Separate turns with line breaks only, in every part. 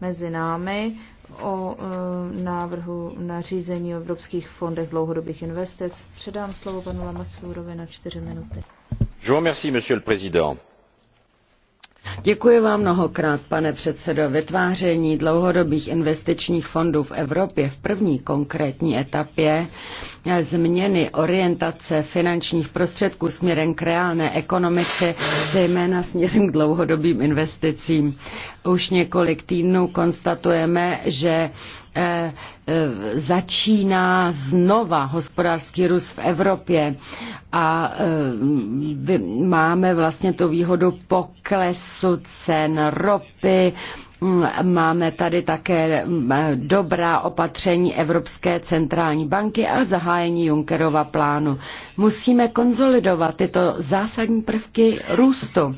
mezi námi o e, návrhu nařízení o evropských fondech dlouhodobých investic. Předám slovo panu Lamasurovi na čtyři minuty.
Děkuji vám mnohokrát, pane předsedo. Vytváření dlouhodobých investičních fondů v Evropě v první konkrétní etapě změny orientace finančních prostředků směrem k reálné ekonomice, zejména směrem k dlouhodobým investicím už několik týdnů konstatujeme, že eh, eh, začíná znova hospodářský růst v Evropě a eh, máme vlastně tu výhodu poklesu cen ropy, mm, Máme tady také mm, dobrá opatření Evropské centrální banky a zahájení Junckerova plánu. Musíme konzolidovat tyto zásadní prvky růstu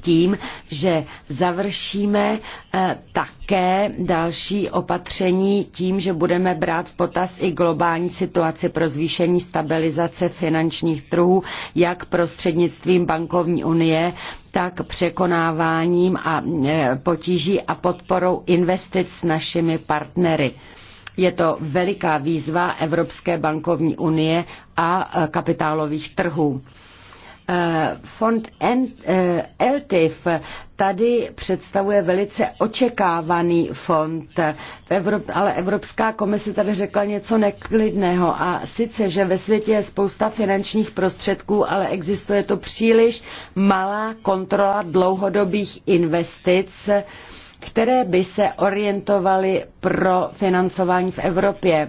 tím, že završíme eh, také další opatření tím, že budeme brát v potaz i globální situaci pro zvýšení stabilizace finančních trhů, jak prostřednictvím bankovní unie, tak překonáváním a eh, potíží a podporou investic s našimi partnery. Je to veliká výzva Evropské bankovní unie a eh, kapitálových trhů. Eh, fond eh, LTIF tady představuje velice očekávaný fond, ale Evropská komise tady řekla něco neklidného a sice, že ve světě je spousta finančních prostředků, ale existuje to příliš malá kontrola dlouhodobých investic, které by se orientovaly pro financování v Evropě.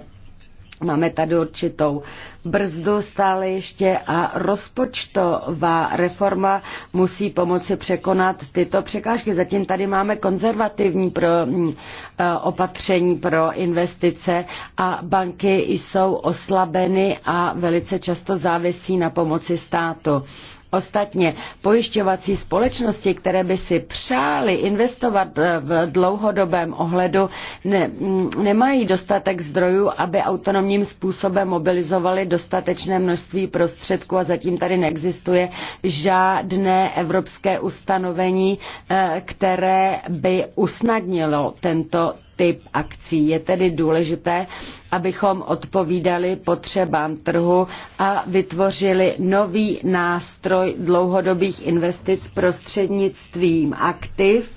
Máme tady určitou brzdu stále ještě a rozpočtová reforma musí pomoci překonat tyto překážky. Zatím tady máme konzervativní pro mm, eh, opatření pro investice a banky jsou oslabeny a velice často závisí na pomoci státu. Ostatně pojišťovací společnosti, které by si přáli investovat eh, v dlouhodobém ohledu, ne, mm, nemají dostatek zdrojů, aby autonomním způsobem mobilizovali dostatečné množství prostředků a zatím tady neexistuje žádné evropské ustanovení, eh, které by usnadnilo tento typ akcí. Je tedy důležité, abychom odpovídali potřebám trhu a vytvořili nový nástroj dlouhodobých investic prostřednictvím aktiv,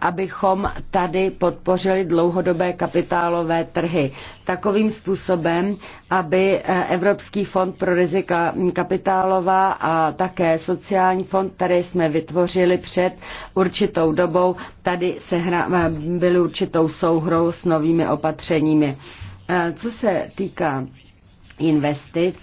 abychom tady podpořili dlouhodobé kapitálové trhy. Takovým způsobem, aby eh, Evropský fond pro rizika kapitálová a také sociální fond, který jsme vytvořili před určitou dobou, tady hra, eh, byly určitou souhrou s novými opatřeními. Eh, co se týká investic,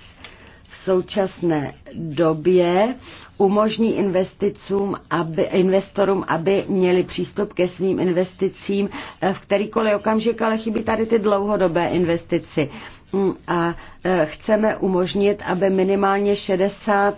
současné době umožní investicům, aby, investorům, aby měli přístup ke svým investicím eh, v kterýkoliv okamžik, ale chybí tady ty dlouhodobé investici. Mm, a eh, chceme umožnit, aby minimálně 60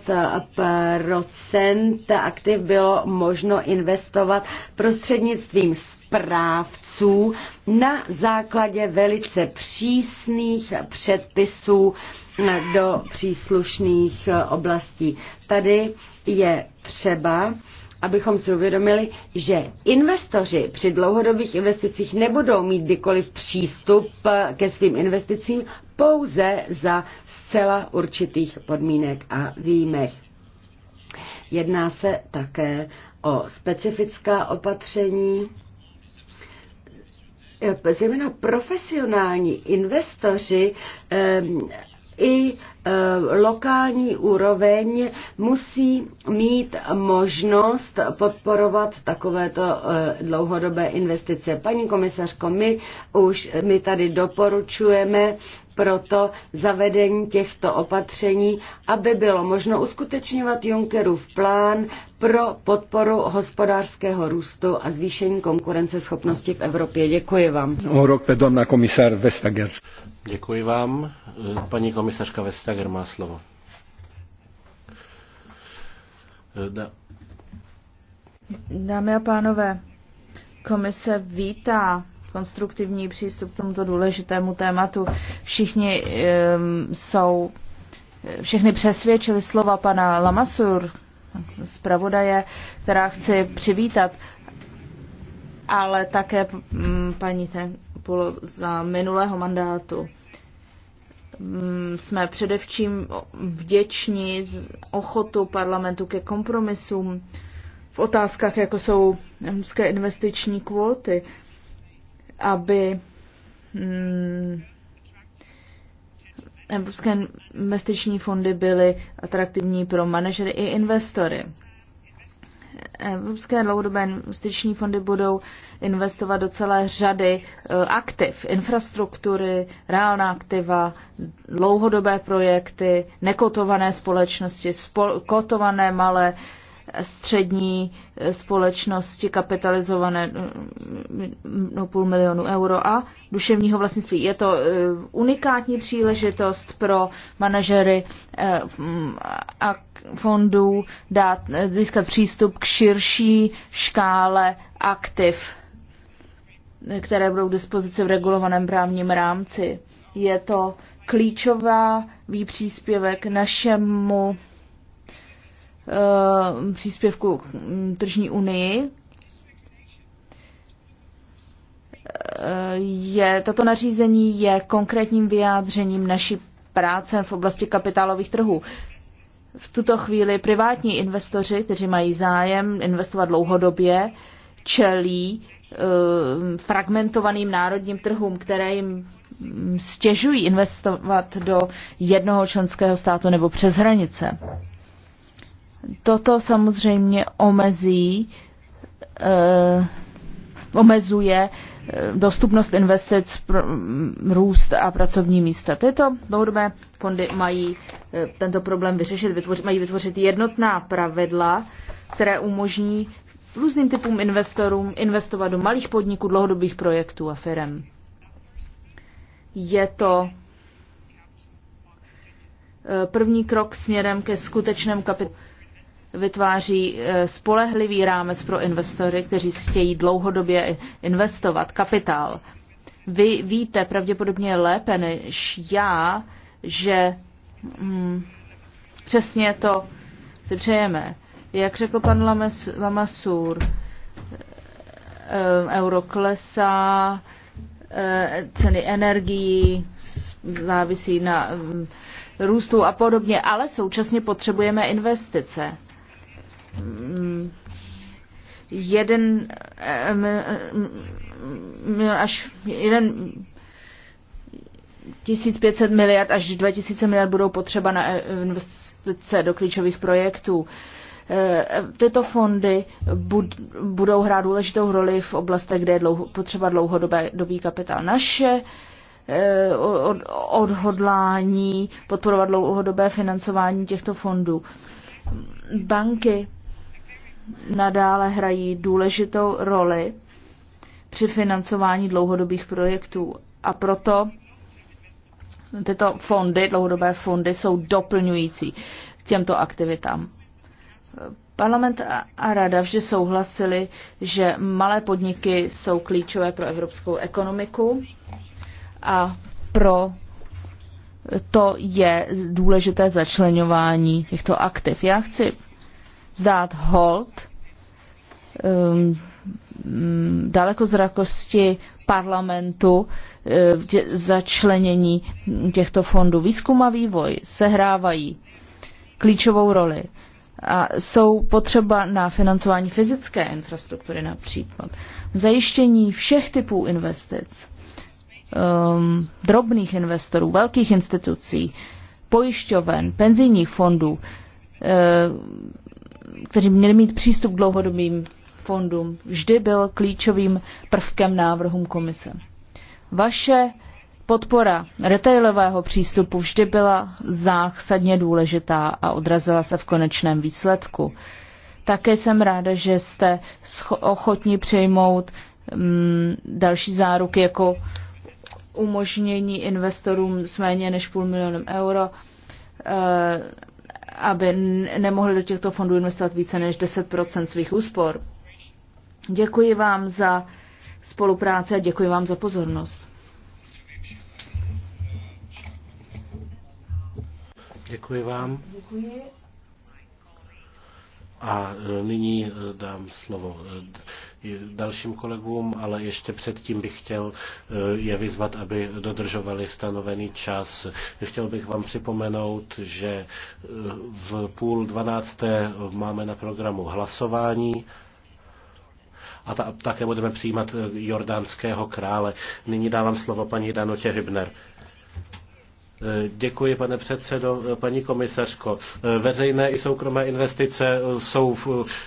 eh, aktiv bylo možno investovat prostřednictvím správců na základě velice přísných předpisů, Eh, do příslušných eh, oblastí. Tady je třeba abychom si uvědomili, že investoři při dlouhodobých investicích nebudou mít kdykoliv přístup eh, ke svým investicím pouze za zcela určitých podmínek a výjimek. Jedná se také o specifická opatření, zejména profesionální investoři i e, lokální úroveň musí mít možnost podporovat takovéto e, dlouhodobé investice. Paní komisařko, my už my tady doporučujeme proto zavedení těchto opatření, aby bylo možno uskutečňovat Junckerův plán pro podporu hospodářského růstu a zvýšení
konkurenceschopnosti v Evropě. Děkuji vám. O domna komisar Vestager. Děkuji vám. Paní komisařka Vestager má slovo. Da.
Dámy a pánové, komise vítá konstruktivní přístup k tomuto důležitému tématu. Všichni um, jsou, všechny přesvědčili slova pana Lamasur, zpravodaje, která chci přivítat ale také mm, paní Tenpulo za minulého mandátu. Mm, jsme především vděční z ochotu parlamentu ke kompromisům v otázkách, jako jsou evropské investiční kvóty, aby mm, evropské investiční fondy byly atraktivní pro manažery i investory. Evropské dlouhodobé investiční fondy budou investovat do celé řady e, aktiv, infrastruktury, reálná aktiva, dlouhodobé projekty, nekotované společnosti, kotované malé střední společnosti kapitalizované mm, no, půl milionu euro a duševního vlastnictví. Je to eh, unikátní příležitost pro manažery eh, mm, a fondů dát, eh, získat přístup k širší škále aktiv, které budou k dispozici v regulovaném právním rámci. Je to klíčová výpříspěvek našemu Eh, příspěvku k mm, tržní unii. Eh, je, tato nařízení je konkrétním vyjádřením naší práce v oblasti kapitálových trhů. V tuto chvíli privátní investoři, kteří mají zájem investovat dlouhodobě, čelí eh, fragmentovaným národním trhům, které jim mm, stěžují investovat do jednoho členského státu nebo přes hranice. Toto samozřejmě omezí, eh, omezuje eh, dostupnost investic, mm, růst a pracovní místa. Tyto dlouhodobé fondy mají eh, tento problém vyřešit, vytvořit, mají vytvořit jednotná pravidla, které umožní různým typům investorům investovat do malých podniků, dlouhodobých projektů a firm. Je to eh, první krok směrem ke skutečnému kapitálu vytváří eh, spolehlivý rámec pro investory, kteří chtějí dlouhodobě investovat kapitál. Vy víte pravděpodobně lépe než já, že mm, přesně to si přejeme. Jak řekl pan Lames, Lamasur, eh, euro klesá, eh, ceny energií závisí na mm, růstu a podobně, ale současně potřebujeme investice jeden eh, až jeden 1500 miliard až 2000 miliard budou potřeba na eh, investice do klíčových projektů. Eh, tyto fondy budou hrát důležitou roli v oblastech, kde je potřeba dlouhodobý kapitál. Naše odhodlání podporovat dlouhodobé financování těchto fondů. Banky nadále hrají důležitou roli při financování dlouhodobých projektů. A proto tyto fondy, dlouhodobé fondy, jsou doplňující k těmto aktivitám. Parlament a rada vždy souhlasili, že malé podniky jsou klíčové pro evropskou ekonomiku a pro to je důležité začlenování těchto aktiv. Já chci vzdát hold um, daleko zrakosti parlamentu uh, začlenění těchto fondů. Výzkum a vývoj sehrávají klíčovou roli a jsou potřeba na financování fyzické infrastruktury například, zajištění všech typů investic, um, drobných investorů, velkých institucí, pojišťoven, penzijních fondů, kteří měli mít přístup k dlouhodobým fondům, vždy byl klíčovým prvkem návrhům komise. Vaše podpora retailového přístupu vždy byla zásadně důležitá a odrazila se v konečném výsledku. Také jsem ráda, že jste ochotni přejmout mm, další záruky jako umožnění investorům s méně než půl milionem euro, eh, aby nemohli do těchto fondů investovat více než 10 svých úspor. Děkuji vám za spolupráci a děkuji vám za pozornost.
Děkuji vám. Děkuji. A e, nyní e, dám slovo e, dalším kolegům, ale ještě předtím bych chtěl eh, je vyzvat, aby dodržovali stanovený čas. Chtěl bych vám připomenout, že eh, v půl dvanácté máme na programu hlasování a ta, také budeme přijímat eh, jordánského krále. Nyní dávám slovo paní Danotě Hybner. Děkuji, pane předsedo. Paní komisařko, veřejné i soukromé investice jsou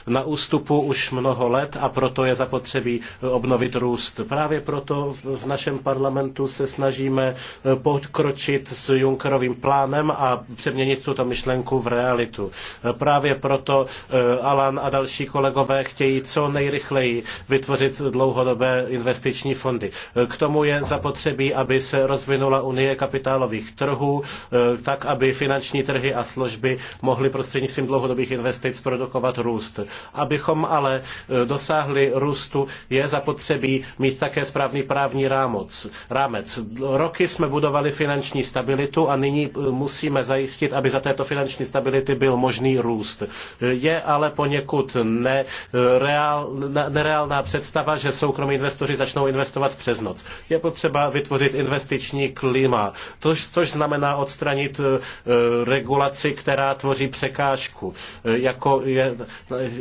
na ústupu už mnoho let a proto je zapotřebí obnovit růst. Právě proto v našem parlamentu se snažíme podkročit s Junckerovým plánem a přeměnit tuto myšlenku v realitu. Právě proto eh, Alan a další kolegové chtějí co nejrychleji vytvořit dlouhodobé investiční fondy. K tomu je zapotřebí, aby se rozvinula unie kapitálových trhů trhu, eh, tak aby finanční trhy a služby mohly prostřednictvím dlouhodobých investic produkovat růst. Abychom ale eh, dosáhli růstu, je zapotřebí mít také správný právní rámoc, rámec. Roky jsme budovali finanční stabilitu a nyní eh, musíme zajistit, aby za této finanční stability byl možný růst. Je ale poněkud nereál, nereálná představa, že soukromí investoři začnou investovat přes noc. Je potřeba vytvořit investiční klima, tož, což což znamená odstranit eh, eh, regulaci, která tvoří překážku, eh, jako, je,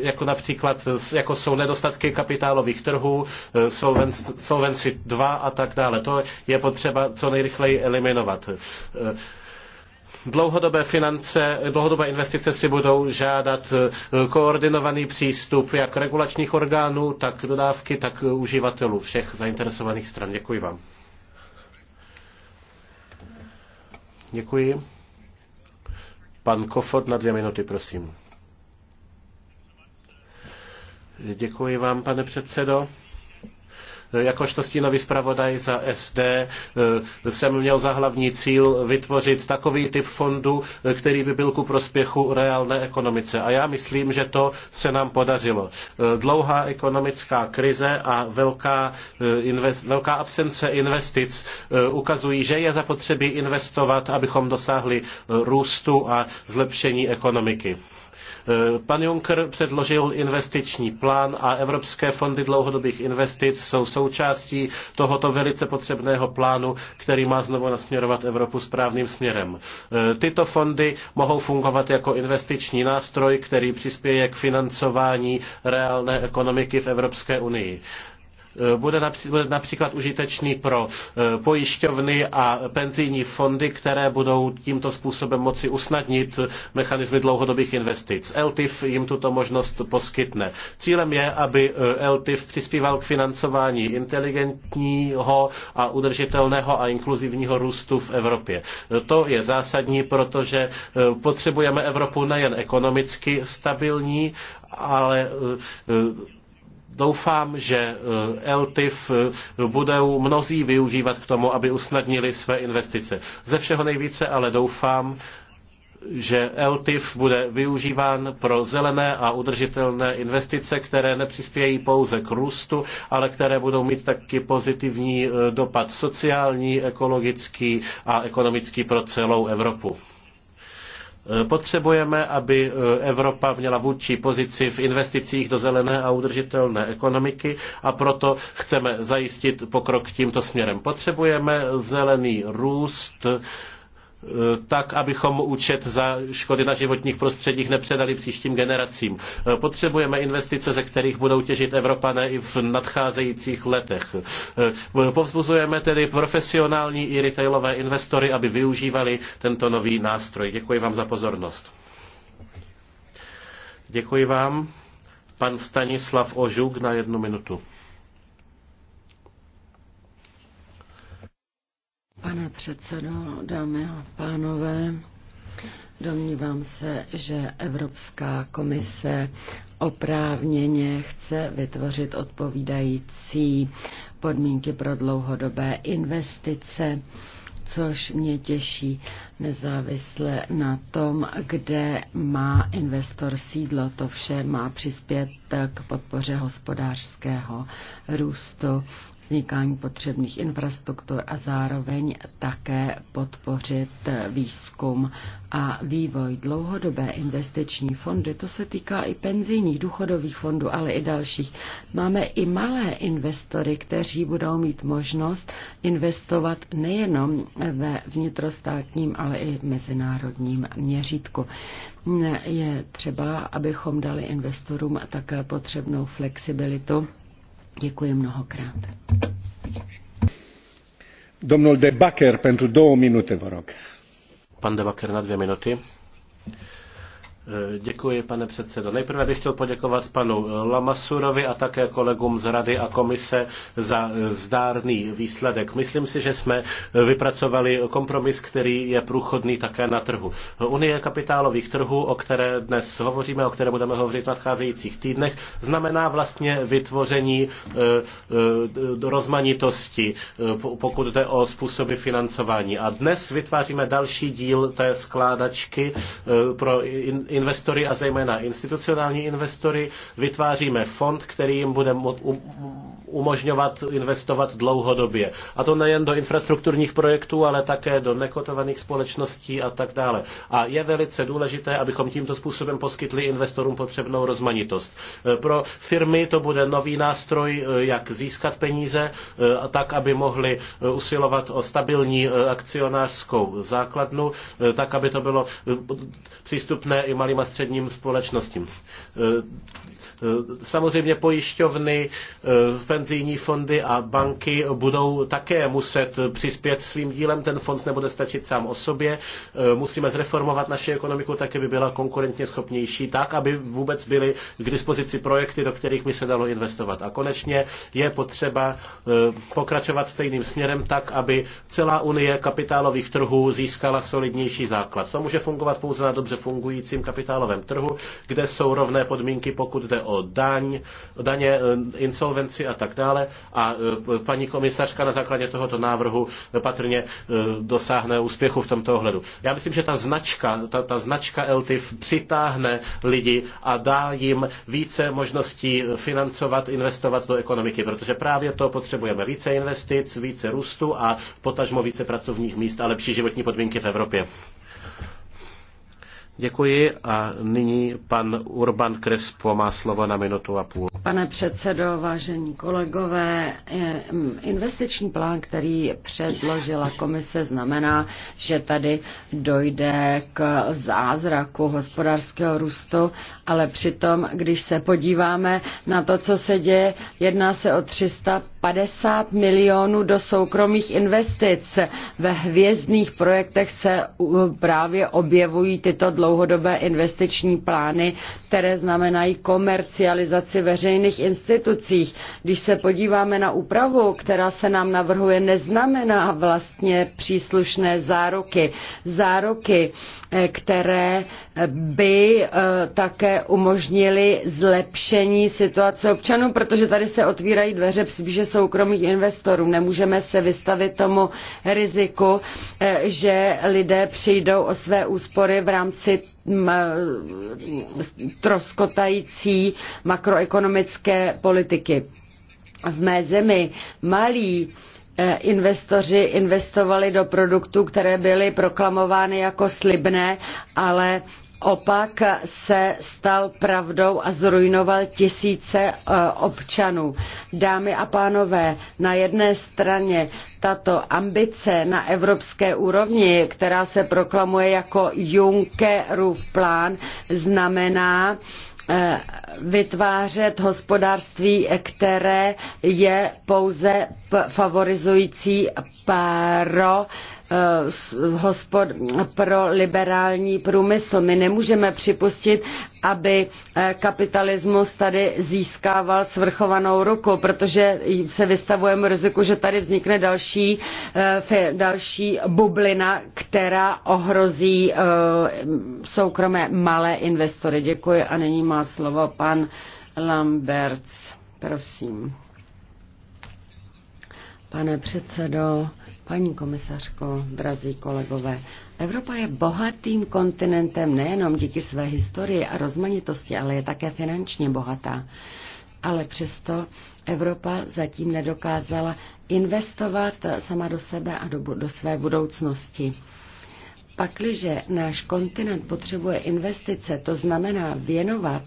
jako například jako jsou nedostatky kapitálových trhů, solvenci 2 a tak dále. To je potřeba co nejrychleji eliminovat dlouhodobé finance, dlouhodobé investice si budou žádat koordinovaný přístup jak regulačních orgánů, tak dodávky, tak uživatelů všech zainteresovaných stran. Děkuji vám. Děkuji. Pan Kofod na dvě minuty, prosím. Děkuji vám, pane předsedo. Jakožto stínový zpravodaj za SD eh, jsem měl za hlavní cíl vytvořit takový typ fondu, eh, který by byl ku prospěchu reálné ekonomice. A já myslím, že to se nám podařilo. Eh, dlouhá ekonomická krize a velká, invest, velká absence investic ukazují, že je zapotřebí investovat, abychom dosáhli růstu a zlepšení ekonomiky. Pan Juncker předložil investiční plán a evropské fondy dlouhodobých investic jsou součástí tohoto velice potřebného plánu, který má znovu nasměrovat Evropu správným směrem. E, tyto fondy mohou fungovat jako investiční nástroj, který přispěje k financování reálné ekonomiky v Evropské unii. Eh, bude například užitečný pro eh, pojišťovny a penzijní fondy, které budou tímto způsobem moci usnadnit eh, mechanizmy dlouhodobých investic. LTIF jim tuto možnost poskytne. Cílem je, aby LTIF přispíval k financování inteligentního a udržitelného a inkluzivního růstu v Evropě. To je zásadní, protože potřebujeme Evropu nejen ekonomicky stabilní, ale Doufám, že eh, LTIF eh, budou mnozí využívat k tomu, aby usnadnili své investice. Ze všeho nejvíce ale doufám, že LTIF bude využíván pro zelené a udržitelné investice, které nepřispějí pouze k růstu, ale které budou mít taky pozitivní eh, dopad sociální, ekologický a ekonomický pro celou Evropu. Eh, potřebujeme, aby eh, Evropa měla vůdčí pozici v investicích do zelené a udržitelné ekonomiky a proto chceme zajistit pokrok tímto směrem. Potřebujeme zelený růst, Eh, tak, abychom účet za škody na životních prostředích nepředali příštím generacím. Eh, potřebujeme investice, ze kterých budou těžit Evropané i v nadcházejících letech. Eh, povzbuzujeme tedy profesionální i retailové investory, aby využívali tento nový nástroj. Děkuji vám za pozornost. Děkuji vám. Pan Stanislav Ožuk na jednu minutu.
Pane předsedo, dámy a pánové, domnívám se, že Evropská komise oprávněně chce vytvořit odpovídající podmínky pro dlouhodobé investice což mě těší nezávisle na tom, kde má investor sídlo. To vše má přispět k podpoře hospodářského růstu vznikání potřebných infrastruktur a zároveň také podpořit výzkum a vývoj. Dlouhodobé investiční fondy, to se týká i penzijních důchodových fondů, ale i dalších. Máme i malé investory, kteří budou mít možnost investovat nejenom ve vnitrostátním, ale i mezinárodním měřítku. Je třeba, abychom dali investorům také potřebnou flexibilitu Děkuji mnohokrát.
Domnul de Backer pentru două minute, vă rog. Pan de Backer na dvě minuty. Eh, děkuji, pane předsedo. Nejprve bych chtěl poděkovat panu Lamasurovi a také kolegům z Rady a komise za eh, zdárný výsledek. Myslím si, že jsme vypracovali kompromis, který je průchodný také na trhu. Unie kapitálových trhů, o které dnes hovoříme, o které budeme hovořit v nadcházejících týdnech, znamená vlastně vytvoření eh, rozmanitosti, pokud jde o způsoby financování. A dnes vytváříme další díl té skládačky pro investory a zejména institucionální investory. Vytváříme fond, který jim bude um- umožňovat investovat dlouhodobě. A to nejen do infrastrukturních projektů, ale také do nekotovaných společností a tak dále. A je velice důležité, abychom tímto způsobem poskytli investorům potřebnou rozmanitost. E, pro firmy to bude nový nástroj, e, jak získat peníze, e, tak, aby mohli usilovat o stabilní akcionářskou základnu, tak, aby to bylo přístupné i malým a středním společnostím. Eh, samozřejmě pojišťovny, eh, penzijní fondy a banky budou také muset přispět svým dílem, ten fond nebude stačit sám o sobě. Eh, musíme zreformovat naši ekonomiku tak, aby byla konkurentně schopnější, tak, aby vůbec byly k dispozici projekty, do kterých by se dalo investovat. A konečně je potřeba pokračovat stejným směrem tak, aby celá unie kapitálových trhů získala solidnější základ. To může fungovat pouze na dobře fungujícím kapitálovém trhu, kde jsou rovné podmínky, pokud jde o o daň, daně, e, insolvenci a tak dále. A e, paní komisařka na základě tohoto návrhu patrně e, dosáhne úspěchu v tomto ohledu. Já myslím, že ta značka, ta, ta značka LTIF přitáhne lidi a dá jim více možností financovat, investovat do ekonomiky, protože právě to potřebujeme. Více investic, více růstu a potažmo více pracovních míst a lepší životní podmínky v Evropě. Děkuji a nyní pan Urban Crespo má slovo na minutu a půl.
Pane předsedo, vážení kolegové, eh, investiční plán, který předložila komise, znamená, že tady dojde k zázraku hospodářského růstu, ale přitom, když se podíváme na to, co se děje, jedná se o 350 milionů do soukromých investic. Ve hvězdných projektech se právě objevují tyto dlouhé dlouhodobé investiční plány, které znamenají komercializaci veřejných institucích. Když se podíváme na úpravu, která se nám navrhuje, neznamená vlastně příslušné záruky. Záruky které by eh, také umožnily zlepšení situace občanů, protože tady se otvírají dveře spíše soukromých investorů. Nemůžeme se vystavit tomu riziku, eh, že lidé přijdou o své úspory v rámci mm, eh, troskotající makroekonomické politiky v mé zemi malí Eh, investoři investovali do produktů, které byly proklamovány jako slibné, ale opak se stal pravdou a zrujnoval tisíce eh, občanů. Dámy a pánové, na jedné straně tato ambice na evropské úrovni, která se proklamuje jako Junckerův plán, znamená, Eh, vytvářet hospodářství, které je pouze favorizující pro Eh, hospod, pro liberální průmysl. My nemůžeme připustit, aby eh, kapitalismus tady získával svrchovanou ruku, protože se vystavujeme riziku, že tady vznikne další, eh, další bublina, která ohrozí soukromé malé investory. Děkuji a nyní má slovo pan Lamberts. Prosím. Pane předsedo, Paní komisařko, drazí kolegové, Evropa je bohatým kontinentem nejenom díky své historii a rozmanitosti, ale je také finančně bohatá. Ale přesto Evropa zatím nedokázala investovat sama do sebe a do, do své budoucnosti. Pakliže náš kontinent potřebuje investice, to znamená věnovat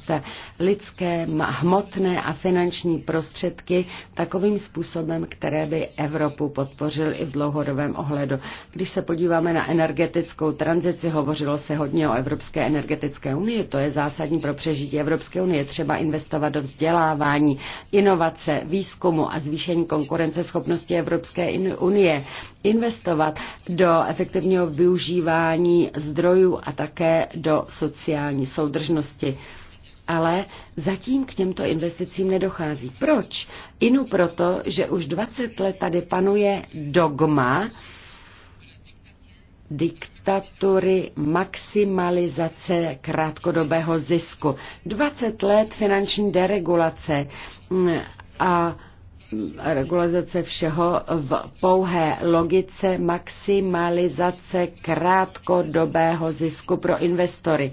lidské, hmotné a finanční prostředky takovým způsobem, které by Evropu podpořil i v dlouhodobém ohledu. Když se podíváme na energetickou tranzici, hovořilo se hodně o Evropské energetické unii, to je zásadní pro přežití Evropské unie, třeba investovat do vzdělávání, inovace, výzkumu a zvýšení konkurenceschopnosti Evropské unie, investovat do efektivního využívání využívání zdrojů a také do sociální soudržnosti. Ale zatím k těmto investicím nedochází. Proč? Inu proto, že už 20 let tady panuje dogma diktatury maximalizace krátkodobého zisku. 20 let finanční deregulace mm, a Regulace všeho v pouhé logice maximalizace krátkodobého zisku pro investory.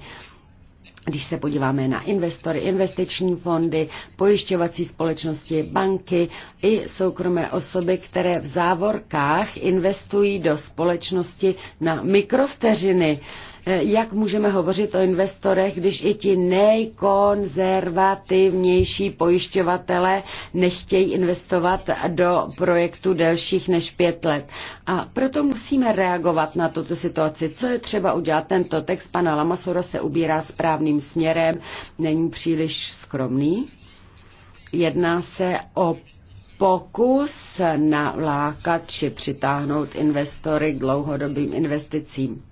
Když se podíváme na investory, investiční fondy, pojišťovací společnosti, banky i soukromé osoby, které v závorkách investují do společnosti na mikrovteřiny, Eh, jak můžeme hovořit o investorech, když i ti nejkonzervativnější pojišťovatele nechtějí investovat do projektu delších než pět let? A proto musíme reagovat na tuto situaci. Co je třeba udělat? Tento text pana Lamasora se ubírá správným směrem, není příliš skromný. Jedná se o pokus nalákat či přitáhnout investory k dlouhodobým investicím.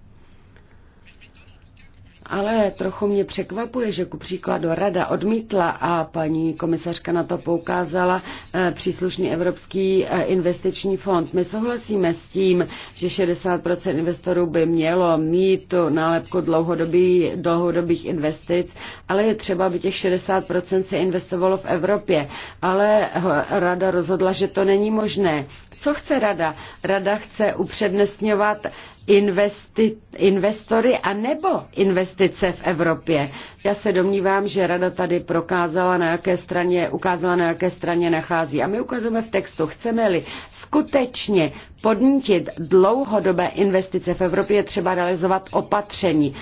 Ale trochu mě překvapuje, že ku příkladu Rada odmítla a paní komisařka na to poukázala eh, příslušný Evropský eh, investiční fond. My souhlasíme s tím, že 60% investorů by mělo mít tu nálepku dlouhodobý, dlouhodobých investic, ale je třeba, aby těch 60% se investovalo v Evropě. Ale Rada rozhodla, že to není možné. Co chce rada? Rada chce upřednostňovat investi, investory a nebo investice v Evropě. Já se domnívám, že rada tady prokázala, na jaké straně, ukázala, na jaké straně nachází. A my ukazujeme v textu, chceme-li skutečně podnítit dlouhodobé investice v Evropě, je třeba realizovat opatření.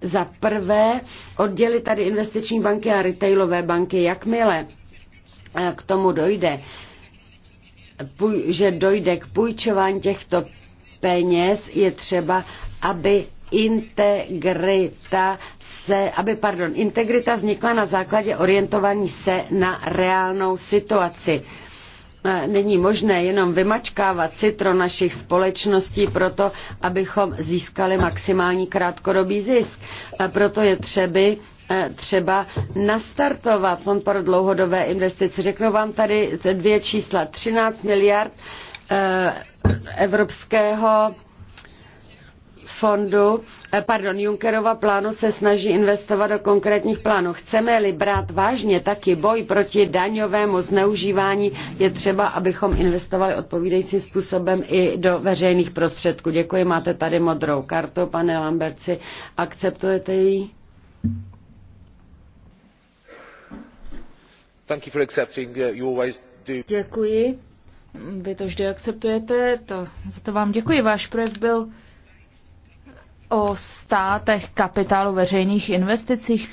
Za prvé oddělit tady investiční banky a retailové banky, jakmile eh, k tomu dojde, že dojde k půjčování těchto peněz je třeba, aby integrita se, aby, pardon, integrita vznikla na základě orientování se na reálnou situaci. E, není možné jenom vymačkávat citro našich společností proto, abychom získali maximální krátkodobý zisk. A e, proto je třeba e, třeba nastartovat fond pro dlouhodobé investice. Řeknu vám tady dvě čísla. 13 miliard Evropského fondu, eh, pardon, Junckerova plánu se snaží investovat do konkrétních plánů. Chceme-li brát vážně taky boj proti daňovému zneužívání, je třeba, abychom investovali odpovídajícím způsobem i do veřejných prostředků. Děkuji, máte tady modrou kartu, pane Lamberci. Akceptujete ji?
Uh,
Děkuji. Vy to vždy akceptujete, to, za to vám děkuji. Váš projev byl o státech kapitálu veřejných investicích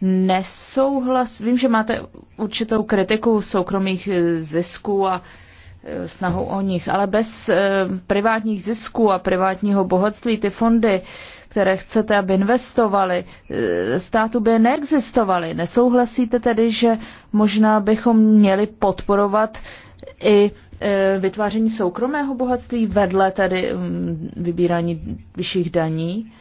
nesouhlas. Vím, že máte určitou kritiku soukromých eh, zisků a eh, snahu o nich, ale bez eh, privátních zisků a privátního bohatství ty fondy, které chcete, aby investovali, státu by neexistovaly. Nesouhlasíte tedy, že možná bychom měli podporovat i E, vytváření soukromého bohatství vedle tedy mm, vybírání vyšších daní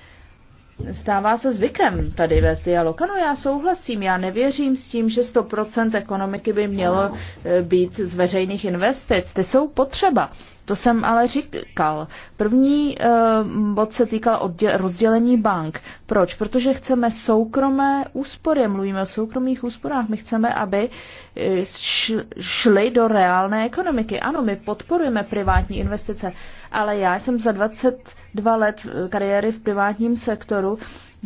stává se zvykem tady ve dialog. Ano, já souhlasím, já nevěřím s tím, že 100% ekonomiky by mělo e, být z veřejných investic. Ty jsou potřeba. To jsem ale říkal. První uh, bod se týkal rozdělení bank. Proč? Protože chceme soukromé úspory. Mluvíme o soukromých úsporách. My chceme, aby eh, šly do reálné ekonomiky. Ano, my podporujeme privátní investice, ale já jsem za 22 let kariéry v privátním sektoru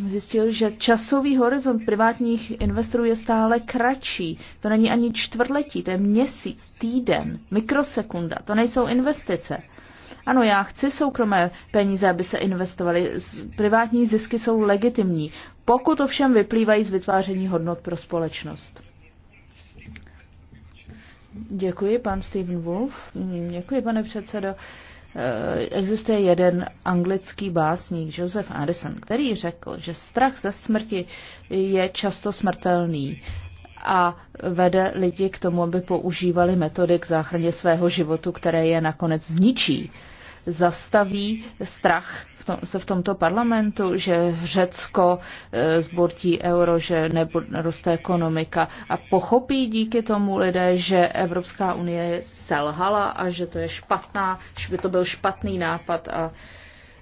zjistil, že časový horizont privátních investorů je stále kratší. To není ani čtvrtletí, to je měsíc, týden, mikrosekunda. To nejsou investice. Ano, já chci soukromé peníze, aby se investovaly. Privátní zisky jsou legitimní, pokud ovšem vyplývají z vytváření hodnot pro společnost. Děkuji, pan Steven Wolf. Děkuji, pane předsedo. Eh, existuje jeden anglický básník Joseph Addison, který řekl, že strach ze smrti je často smrtelný a vede lidi k tomu, aby používali metody k záchraně svého životu, které je nakonec zničí. Uh, zastaví strach v tom, se v tomto parlamentu, že Řecko e, zbortí euro, že neroste ekonomika a pochopí díky tomu lidé, že Evropská unie selhala a že to je špatná, že by to byl špatný nápad a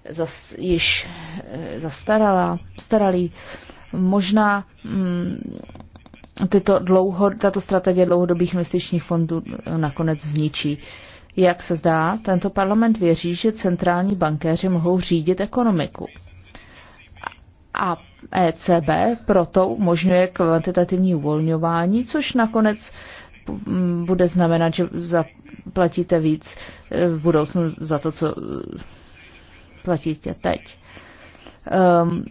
zas, již e, zastarala, staralý. Možná mm, tyto dlouho, tato strategie dlouhodobých investičních fondů eh, nakonec zničí. E, jak se zdá, tento parlament věří, že centrální bankéři mohou řídit ekonomiku. A ECB proto umožňuje kvantitativní uvolňování, což nakonec bude znamenat, že zaplatíte víc v budoucnu za to, co platíte teď. Ehm,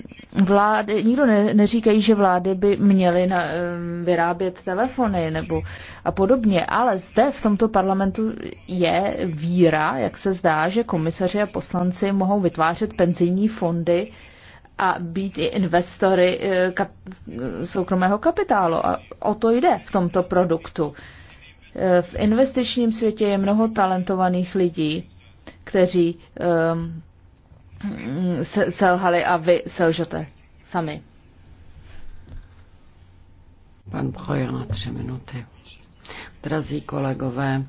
vlády, nikdo ne, neříkají, že vlády by měly na, ehm, vyrábět telefony nebo a podobně, ale zde v tomto parlamentu je víra, jak se zdá, že komisaři a poslanci mohou vytvářet penzijní fondy a být i investory eh, kap, soukromého kapitálu. A o to jde v tomto produktu. Eh, v investičním světě je mnoho talentovaných lidí, kteří um, selhali a vy selžete sami.
Pan Bchoja na tři minuty. Drazí kolegové,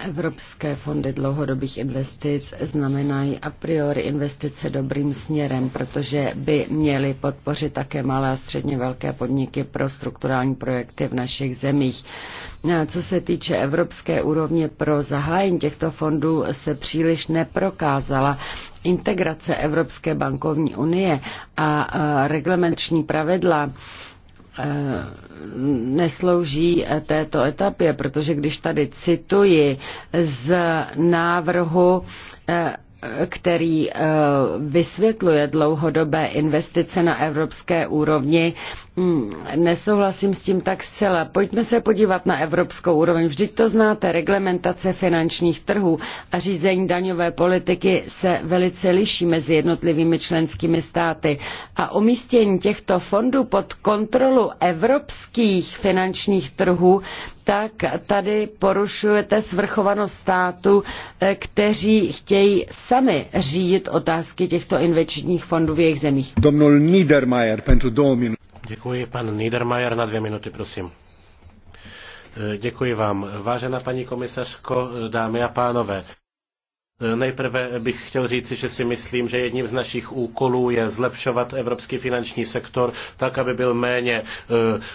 Evropské fondy dlouhodobých investic znamenají a priori investice dobrým směrem, protože by měly podpořit také malé a středně velké podniky pro strukturální projekty v našich zemích. Co se týče evropské úrovně pro zahájení těchto fondů, se příliš neprokázala integrace Evropské bankovní unie a reglementační pravidla Eh, neslouží eh, této etapě, protože když tady cituji z návrhu eh, který vysvětluje dlouhodobé investice na evropské úrovni, Hmm, nesouhlasím s tím tak zcela. Pojďme se podívat na evropskou úroveň. Vždyť to znáte, reglementace finančních trhů a řízení daňové politiky se velice liší mezi jednotlivými členskými státy. A umístění těchto fondů pod kontrolu evropských finančních trhů, tak tady porušujete svrchovanost státu, eh, kteří chtějí sami řídit otázky těchto investičních fondů v jejich zemích.
Domnul Niedermayer, pentru 2 Děkuji, pan Niedermayer, na dvě minuty, prosím. E, děkuji vám. Vážená paní komisařko, dámy a pánové, Nejprve bych chtěl říci, že si myslím, že jedním z našich úkolů je zlepšovat evropský finanční sektor tak, aby byl méně e,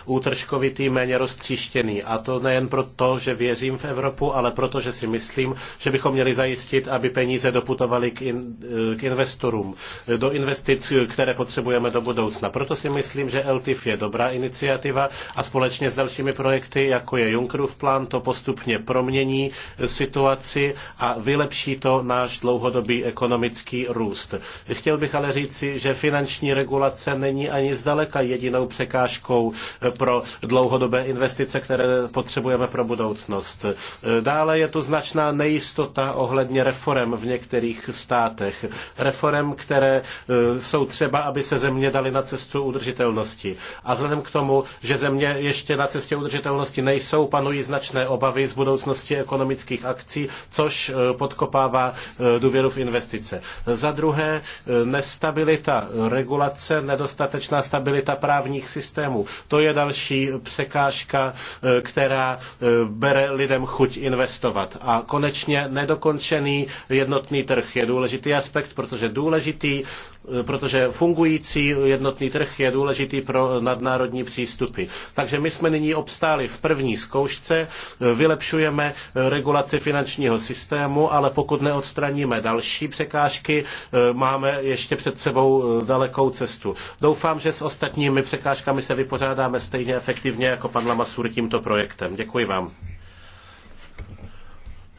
útržkovitý, méně roztříštěný. A to nejen proto, že věřím v Evropu, ale proto, že si myslím, že bychom měli zajistit, aby peníze doputovaly k, in, e, k investorům, e, do investic, které potřebujeme do budoucna. Proto si myslím, že LTIF je dobrá iniciativa a společně s dalšími projekty, jako je Junckerův plán, to postupně promění situaci a vylepší to náš dlouhodobý ekonomický růst. Chtěl bych ale říci, že finanční regulace není ani zdaleka jedinou překážkou pro dlouhodobé investice, které potřebujeme pro budoucnost. Dále je tu značná nejistota ohledně reform v některých státech. Reform, které e, jsou třeba, aby se země daly na cestu udržitelnosti. A vzhledem k tomu, že země ještě na cestě udržitelnosti nejsou, panují značné obavy z budoucnosti ekonomických akcí, což e, podkopává E, důvěru v investice. Za druhé, e, nestabilita regulace, nedostatečná stabilita právních systémů. To je další překážka, e, která bere lidem chuť investovat. A konečně nedokončený jednotný trh je důležitý aspekt, protože důležitý Eh, protože fungující jednotný trh je důležitý pro nadnárodní přístupy. Takže my jsme nyní obstáli v první zkoušce, eh, vylepšujeme eh, regulaci finančního systému, ale pokud neodstraníme další překážky, máme ještě před sebou dalekou cestu. Doufám, že s ostatními překážkami se vypořádáme stejně efektivně jako pan Lamasur tímto projektem. Děkuji vám.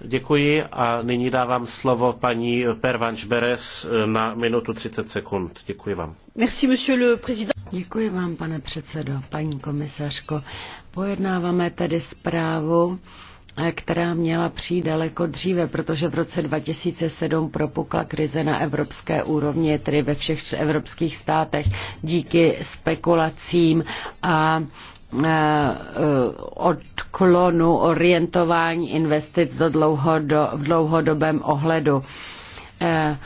Děkuji a nyní dávám slovo paní Pervanš Beres na minutu 30 sekund. Děkuji vám.
Merci, monsieur le président. Děkuji vám, pane předsedo, paní komisařko. Pojednáváme tedy zprávu eh, která měla přijít daleko dříve, protože v roce 2007 propukla krize na evropské úrovni, tedy ve všech evropských státech, díky spekulacím a Eh, eh, odklonu orientování investic do dlouhodo, v dlouhodobém ohledu. Eh,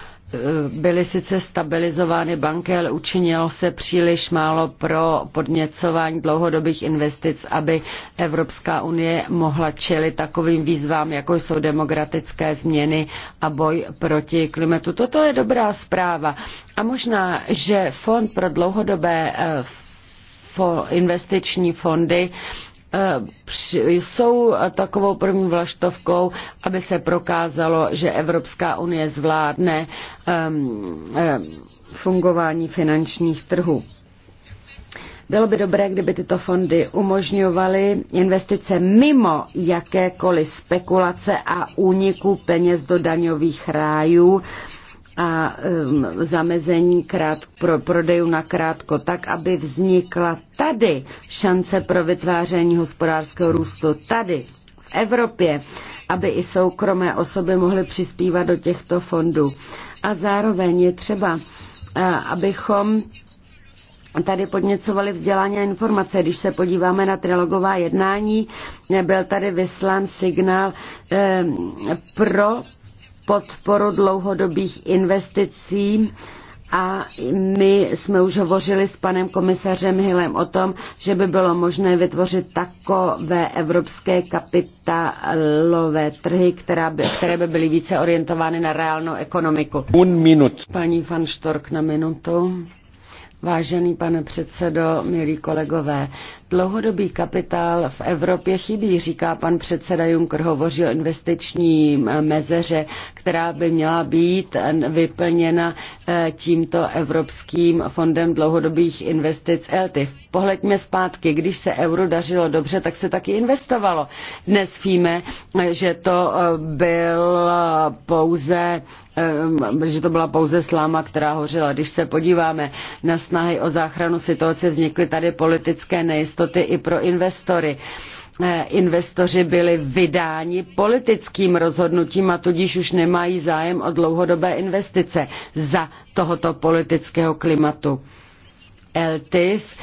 byly sice stabilizovány banky, ale učinilo se příliš málo pro podněcování dlouhodobých investic, aby Evropská unie mohla čelit takovým výzvám, jako jsou demokratické změny a boj proti klimatu. Toto je dobrá zpráva. A možná, že Fond pro dlouhodobé investiční fondy eh, jsou takovou první vlaštovkou, aby se prokázalo, že Evropská unie zvládne ehm, ehm, fungování finančních trhů. Bylo by dobré, kdyby tyto fondy umožňovaly investice mimo jakékoliv spekulace a úniku peněz do daňových rájů, a um, zamezení krát, pro prodeju na krátko, tak aby vznikla tady šance pro vytváření hospodářského růstu, tady v Evropě, aby i soukromé osoby mohly přispívat do těchto fondů. A zároveň je třeba, uh, abychom tady podněcovali vzdělání a informace. Když se podíváme na trilogová jednání, byl tady vyslán signál eh, pro podporu dlouhodobých investicí a my jsme už hovořili s panem komisařem Hillem o tom, že by bylo možné vytvořit takové evropské kapitalové trhy, která by, které by byly více orientovány na reálnou ekonomiku. Un minut. Paní van Štork na minutu. Vážený pane předsedo, milí kolegové, Dlouhodobý kapitál v Evropě chybí, říká pan předseda Juncker, hovoří o investiční eh, mezeře, která by měla být eh, vyplněna eh, tímto Evropským fondem dlouhodobých investic ELTIF. Pohleďme zpátky, když se euro dařilo dobře, tak se taky investovalo. Dnes víme, že to byl pouze že to byla pouze sláma, která hořela. Když se podíváme na snahy o záchranu situace, vznikly tady politické nejistoty jistoty i pro investory eh, investoři byli vydáni politickým rozhodnutím a tudíž už nemají zájem o dlouhodobé investice za tohoto politického klimatu. LTIF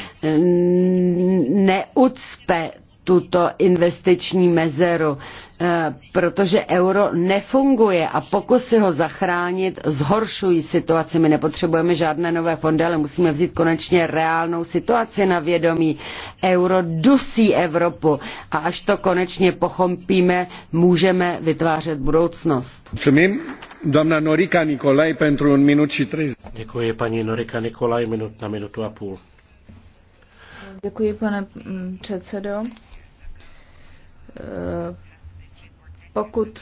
neucpe tuto investiční mezeru, eh, protože euro nefunguje a pokusy ho zachránit zhoršují situaci. My nepotřebujeme žádné nové fondy, ale musíme vzít konečně reálnou situaci na vědomí. Euro dusí Evropu a až to konečně pochopíme, můžeme
vytvářet budoucnost. Přemím. Doamna Norica pentru un minut și 30. Děkuji paní Norika Nikolaj minut na minutu a půl.
Děkuji, pane mm, předsedo. Eh, pokud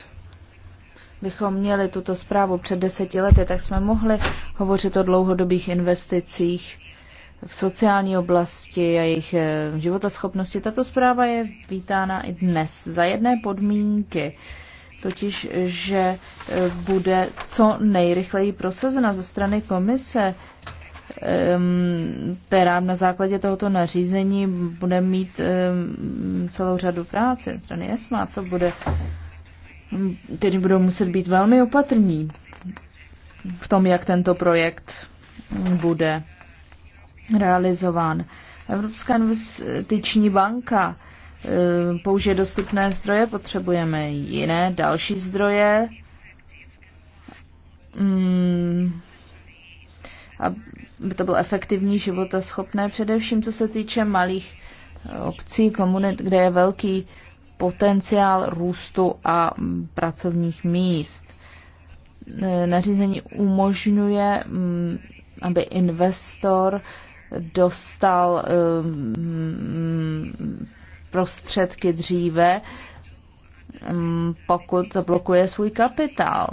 bychom měli tuto zprávu před deseti lety, tak jsme mohli hovořit o dlouhodobých investicích v sociální oblasti a jejich eh, životaschopnosti. Tato zpráva je vítána i dnes za jedné podmínky, totiž, že eh, bude co nejrychleji prosazena ze strany komise která ehm, na základě tohoto nařízení bude mít ehm, celou řadu práce. Strany ESMA to bude, tedy budou muset být velmi opatrní v tom, jak tento projekt bude realizován. Evropská investiční banka ehm, použije dostupné zdroje, potřebujeme jiné další zdroje. Hmm aby to bylo efektivní, životaschopné, především co se týče malých eh, obcí, komunit, kde je velký potenciál růstu a mm, pracovních míst. Eh, nařízení umožňuje, mm, aby investor dostal eh, mm, prostředky dříve, pokud zablokuje svůj kapitál.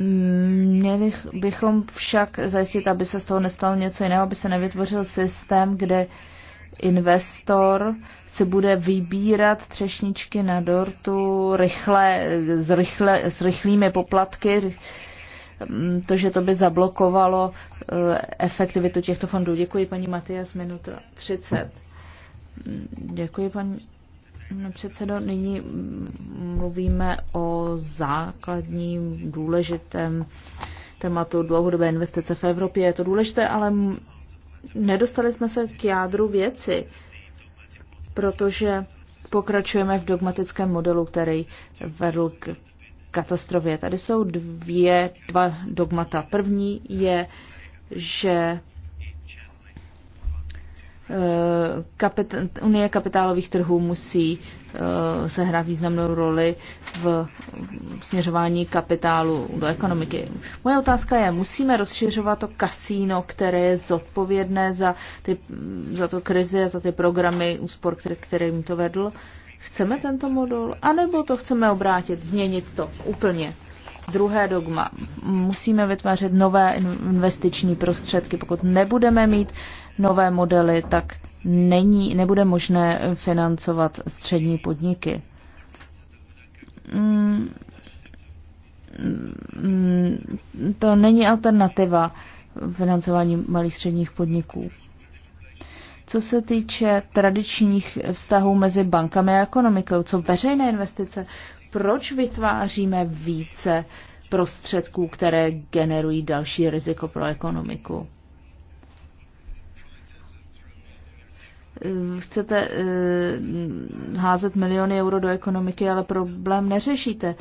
Mm, měli bychom však zajistit, aby se z toho nestalo něco jiného, aby se nevytvořil systém, kde investor si bude vybírat třešničky na dortu rychle, s, rychle, s rychlými poplatky, mm, to, že to by zablokovalo eh, efektivitu těchto fondů. Děkuji paní Matias, minuta 30. Mm, děkuji paní No, předsedo, nyní mluvíme o základním důležitém tématu dlouhodobé investice v Evropě. Je to důležité, ale nedostali jsme se k jádru věci, protože pokračujeme v dogmatickém modelu, který vedl k katastrofě. Tady jsou dvě, dva dogmata. První je, že Kapit Unie kapitálových trhů musí uh, sehrát významnou roli v směřování kapitálu do ekonomiky. Moje otázka je, musíme rozšiřovat to kasíno, které je zodpovědné za, ty, za to krizi a za ty programy úspor, který, mi to vedl. Chceme tento modul, anebo to chceme obrátit, změnit to úplně? Druhé dogma. Musíme vytvářet nové investiční prostředky. Pokud nebudeme mít uh, nové modely, tak není, nebude možné financovat střední podniky. Mm, mm, to není alternativa financování malých středních podniků. Co se týče tradičních vztahů mezi bankami a ekonomikou, co veřejné investice, proč vytváříme více prostředků, které generují další riziko pro ekonomiku? Eh, chcete eh, házet miliony euro do ekonomiky, ale problém neřešíte.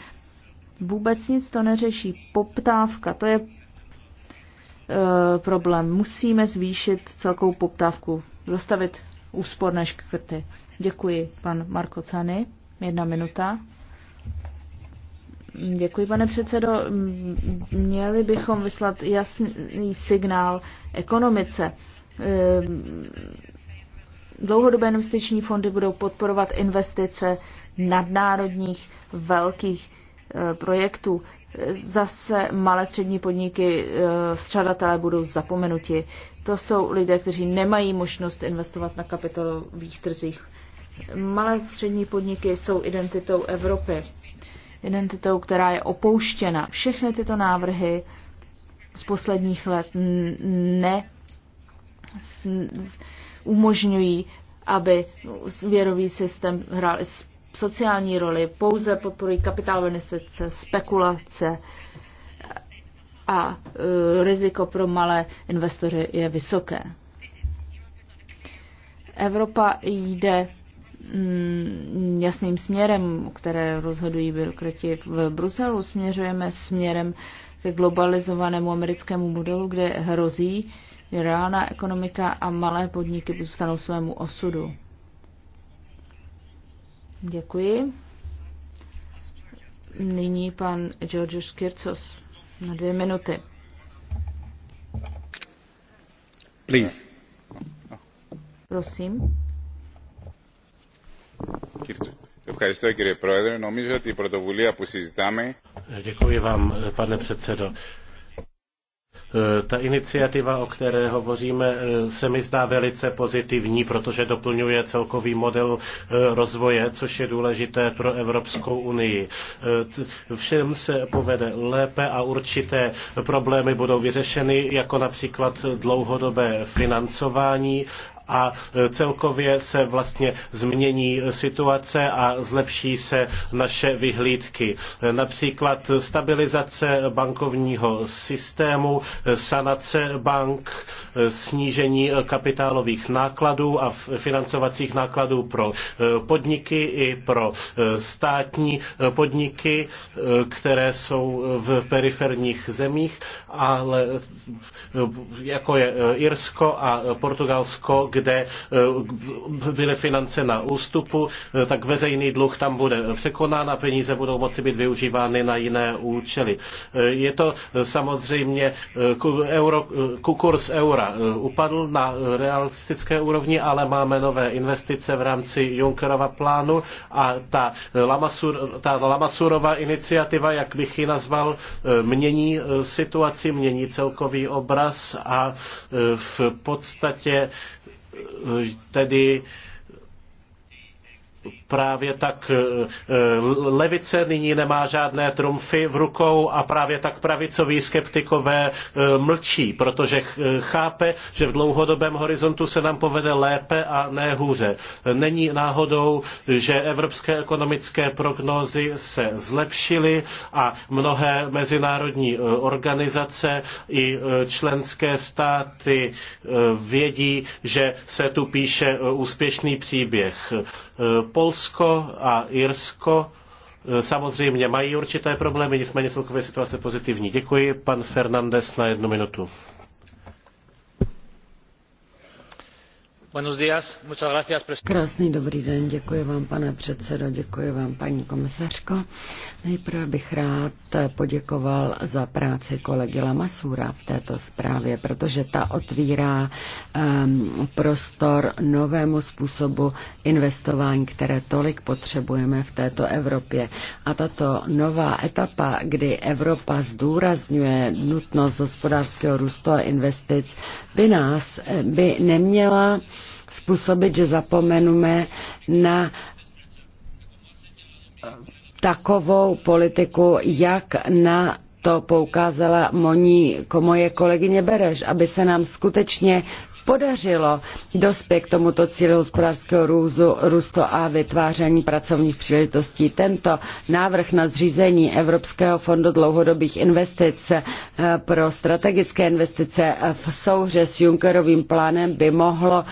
Vůbec nic to neřeší. Poptávka, to je eh, problém. Musíme zvýšit celkovou poptávku, zastavit úsporné škrty. Děkuji, pan Marko Cany. Jedna minuta. Děkuji, pane předsedo. Měli bychom vyslat jasný signál ekonomice Dlouhodobé investiční fondy budou podporovat investice nadnárodních velkých eh, projektů. Zase malé střední podniky, eh, střadatelé budou zapomenuti. To jsou lidé, kteří nemají možnost investovat na kapitolových trzích. Malé střední podniky jsou identitou Evropy, identitou, která je opouštěna. Všechny tyto návrhy z posledních let ne umožňují, aby věrový systém hrál sociální roli, pouze podporují kapitálové investice, spekulace a e, riziko pro malé investory je vysoké. Evropa jde mm, jasným směrem, které rozhodují byrokrati v Bruselu. Směřujeme směrem ke globalizovanému americkému modelu, kde hrozí, reálná ekonomika a malé podniky zůstanou svému osudu. Děkuji. Nyní pan Georgios Kircos na dvě minuty. Please. Prosím.
Ευχαριστώ κύριε Πρόεδρε. Νομίζω ότι η πρωτοβουλία που συζητάμε...
Děkuji vám, pane předsedo.
Eh, ta iniciativa, o které hovoříme, eh, se mi zdá velice pozitivní, protože doplňuje celkový model eh, rozvoje, což je důležité pro Evropskou unii. Všem se povede lépe a určité problémy budou vyřešeny, jako například dlouhodobé financování a celkově se vlastně změní situace a zlepší se naše vyhlídky. Například stabilizace bankovního systému, sanace bank, snížení kapitálových nákladů a financovacích nákladů pro eh, podniky i pro eh, státní eh, podniky, které jsou v periferních zemích, ale jako je Irsko a Portugalsko, kde eh, byly finance na ústupu, eh, tak veřejný dluh tam bude překonán a peníze budou moci být využívány na jiné účely. Eh, je to samozřejmě euro, kurz eura upadl na realistické úrovni, ale máme nové investice v rámci Junckerova plánu a ta, Lamasur, ta Lamasurova iniciativa, jak bych ji nazval, mění situaci, mění celkový obraz a v podstatě tedy právě tak eh, eh, levice nyní nemá žádné trumfy v rukou a právě tak pravicoví skeptikové eh, mlčí, protože chápe, že v dlouhodobém horizontu se nám povede lépe a ne hůře. Není náhodou, že evropské ekonomické prognózy se zlepšily a mnohé mezinárodní organizace i členské státy vědí, že se tu píše úspěšný příběh Polsko a Irsko e, samozřejmě mají určité problémy, nicméně celkově situace pozitivní. Děkuji, pan Fernandez na jednu minutu.
Krásný dobrý den, děkuji vám, pane předsedo, děkuji vám, paní komisařko. Nejprve bych rád poděkoval za práci kolegy Lamasura v této zprávě, protože ta otvírá um, prostor novému způsobu investování, které tolik potřebujeme v této Evropě. A tato nová etapa, kdy Evropa zdůrazňuje nutnost hospodářského růstu a investic, by nás eh, by neměla způsobit, že zapomeneme na takovou politiku, jak na to poukázala Moní, moje kolegyně Bereš, aby se nám skutečně podařilo dospět k tomuto cíli hospodářského růzu, růstu a vytváření pracovních příležitostí. Tento návrh na zřízení Evropského fondu dlouhodobých investic eh, pro strategické investice v souhře s Junckerovým plánem by mohlo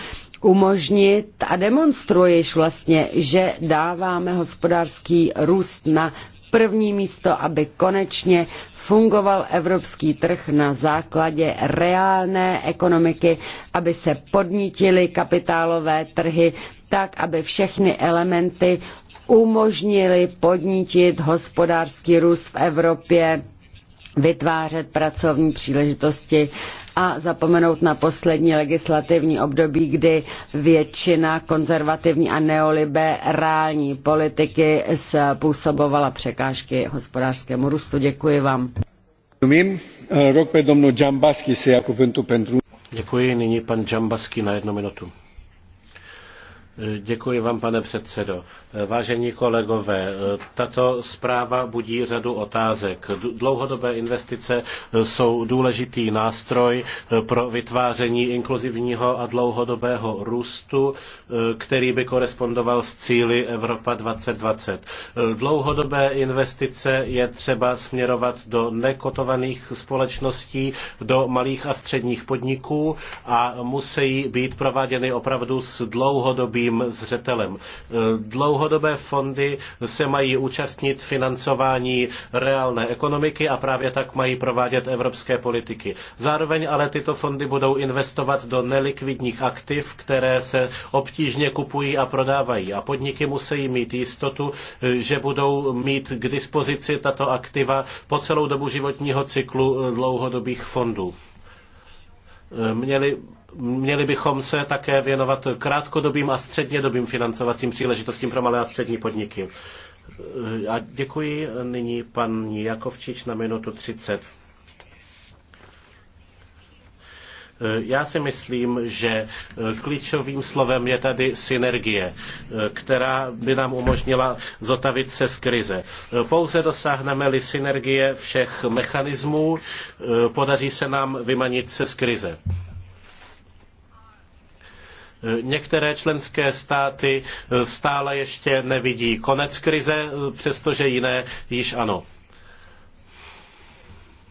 umožnit a demonstruješ vlastně, že dáváme hospodářský růst na první místo, aby konečně fungoval evropský trh na základě reálné ekonomiky, aby se podnítily kapitálové trhy tak, aby všechny elementy umožnili podnítit hospodářský růst v Evropě, vytvářet pracovní příležitosti a zapomenout na poslední legislativní období, kdy většina konzervativní a neoliberální politiky způsobovala překážky hospodářskému růstu. Děkuji vám.
Děkuji, nyní pan Džambasky na jednu minutu. Děkuji vám, pane předsedo. Vážení kolegové, tato zpráva budí řadu otázek. Dlouhodobé investice eh, jsou důležitý nástroj eh, pro vytváření inkluzivního a dlouhodobého růstu, eh, který by korespondoval s cíly Evropa 2020. Dlouhodobé investice je třeba směrovat do nekotovaných společností, do malých a středních podniků a musí být prováděny opravdu s dlouhodobým zřetelem. Dlouhodobé dlouhodobé fondy se mají účastnit financování reálné ekonomiky a právě tak mají provádět evropské politiky. Zároveň ale tyto fondy budou investovat do nelikvidních aktiv, které se obtížně kupují a prodávají. A podniky musí mít jistotu, že budou mít k dispozici tato aktiva po celou dobu životního cyklu dlouhodobých fondů. Měli Měli bychom se také věnovat krátkodobým a střednědobým financovacím příležitostím pro malé a střední podniky. A děkuji nyní pan Jakovčič na minutu 30. Já si myslím, že klíčovým slovem je tady synergie, která by nám umožnila zotavit se z krize. Pouze dosáhneme-li synergie všech mechanismů, podaří se nám vymanit se z krize. Některé členské státy eh, stále ještě nevidí konec krize, eh, přestože jiné již ano.